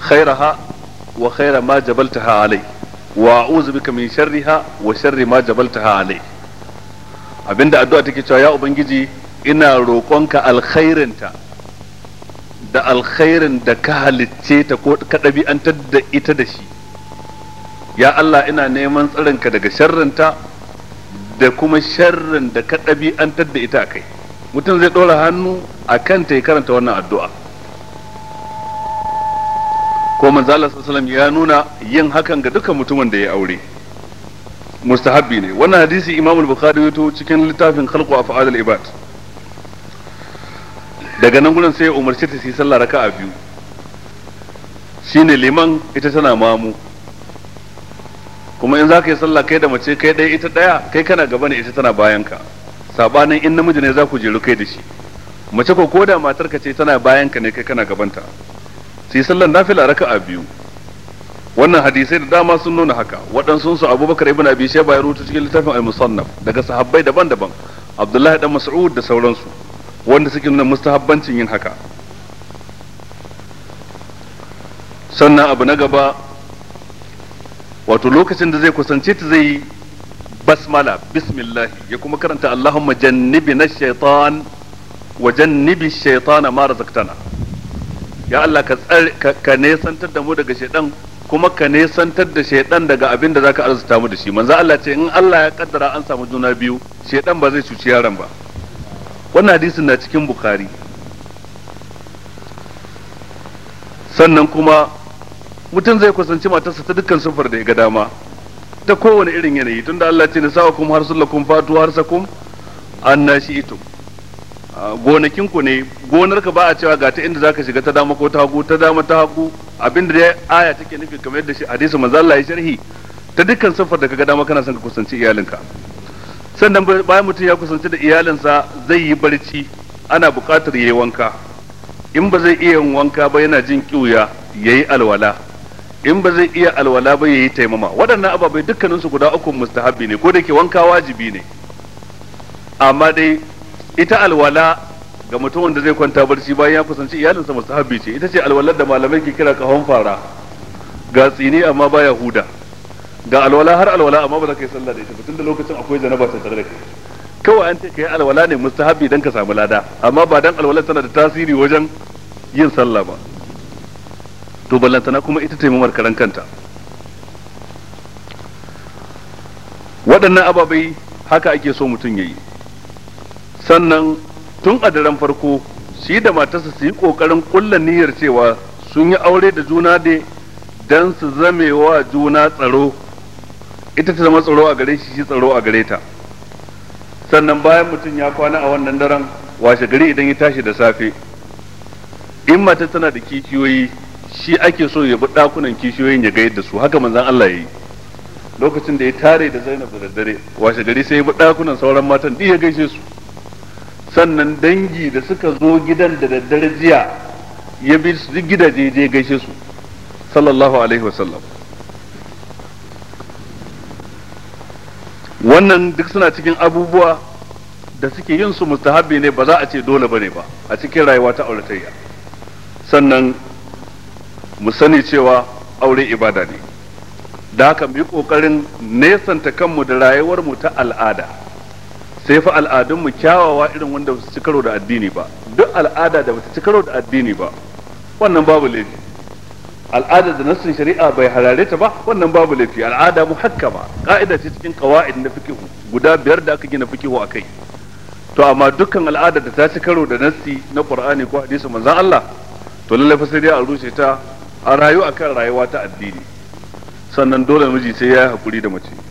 khairaha wa khaira ma ha alai wa a'udhu bika min sharriha wa sharri ma ha alai abinda addu'a take cewa ya ubangiji ina roƙonka alkhairinta da alkhairin da ka halicce ta ko ka ɗabi'antar da ita da shi ya Allah ina neman tsarinka daga sharrinta da kuma sharrin da ka ɗabi'antar da ita a kai mutum zai ɗora hannu a kan ta karanta wannan addu'a ko manzo sassalam ya nuna yin hakan ga dukkan mutumin da ya aure mustahabbi ne wannan hadisi imamul al-Bukhari ya cikin littafin Khalqu Af'al ibad daga nan gudun sai ya umarci ta yi sallah a biyu shine liman ita tana mamu kuma in za ka yi sallah kai da mace kai ɗaya ita ɗaya kai kana gaba ne ita tana bayan ka sabanin in namiji ne za ku jeru kai da shi mace ko koda matar ka ce tana bayan ka ne kai kana gabanta su yi sallan nafila a biyu wannan hadisai da dama sun nuna haka waɗansu su abubakar ibn abi shayba ya rubuta cikin littafin al-musannaf daga sahabbai daban-daban abdullahi dan mas'ud da sauransu wanda suke nuna mustahabbancin yin haka sannan abu na gaba wato lokacin da zai kusance ta zai basmala bismillah ya kuma karanta Allahumma jannibi na shaitan wa jannibi shaitana ma razaqtana ya Allah ka ka nesantar da mu daga shaitan kuma ka nesantar da shaitan daga abin da zaka arzuta mu da shi manzo Allah ce in Allah ya kaddara an samu juna biyu shaitan ba zai cuci yaron ba wannan hadisin na cikin bukari sannan kuma mutum zai kusanci matarsa ta dukkan sufar da ya ga dama ta kowane irin yanayi tunda Allah ce nisawa kuma har sullakum fatu har sakum an nashi ito gonakin ku ne gonar ka ba a cewa ga ta inda zaka shiga ta dama ko ta hagu ta dama ta hagu abinda dai aya take nufi kamar yadda hadisi manzo Allah ya sharhi ta dukkan sufar da ka ga dama kana son ka kusanci iyalinka sannan bayan mutum ya kusanci da iyalinsa zai yi barci ana buƙatar yayi wanka in ba zai iya yin wanka ba yana jin ya yi alwala in ba zai iya alwala ba ya yi taimama waɗannan ababai dukkaninsu guda uku mustahabi ne ko da ke wanka wajibi ne amma dai ita alwala ga mutum wanda zai kwanta barci bayan ya kusanci iyalinsa mustahabi ce ita ce alwalar da malamai ke kira kahon fara ga tsini amma baya huda ga alwala har alwala amma ba za ka yi sallah da ita ba tunda lokacin akwai janaba ta tare da kai kawai an ce kai alwala ne mustahabi dan ka samu lada amma ba dan alwala tana da tasiri wajen yin sallah ba to ballantana kuma ita taimamar karan kanta waɗannan ababai haka ake so mutum ya yi sannan tun a daren farko shi da matarsa su yi ƙoƙarin ƙulla niyyar cewa sun yi aure da juna da don su zamewa juna tsaro ita ta zama tsaro a gare shi shi tsaro a gare ta sannan bayan mutum ya kwana a wannan daren washe gari idan ya tashi da safe in mata tana da kishiyoyi shi ake so ya bi dakunan kishiyoyin ya ga yadda su haka manzan Allah ya yi lokacin da ya tare da Zainab da daddare washe gari sai ya bi dakunan sauran matan ɗi ya gaishe su sannan dangi da suka zo gidan da daddare jiya ya bi su gidaje je gaishe su sallallahu alaihi wasallam wannan duk suna cikin abubuwa da suke yin su mustahabbi ne ba za a ce dole ne ba a cikin rayuwa ta auratayya sannan mu sani cewa aure ibada ne da haka mu yi kokarin nesanta kanmu da rayuwar mu ta al'ada sai fa al'adun mu kyawawa irin wanda ba su ci karo da addini ba duk al'ada da ba ta ci karo da addini ba wannan babu laifi al'ada da nassin shari'a bai harare ta ba wannan babu laifi al'ada muhakkama ka'ida ce cikin qawaid na fiqh guda biyar da aka gina fiqh kai to amma dukkan al'ada da ta ci karo da nassi na qur'ani ko hadisi manzon Allah to lallai fa sai dai a rushe ta a rayu akan rayuwa ta addini sannan dole miji sai ya hakuri da mace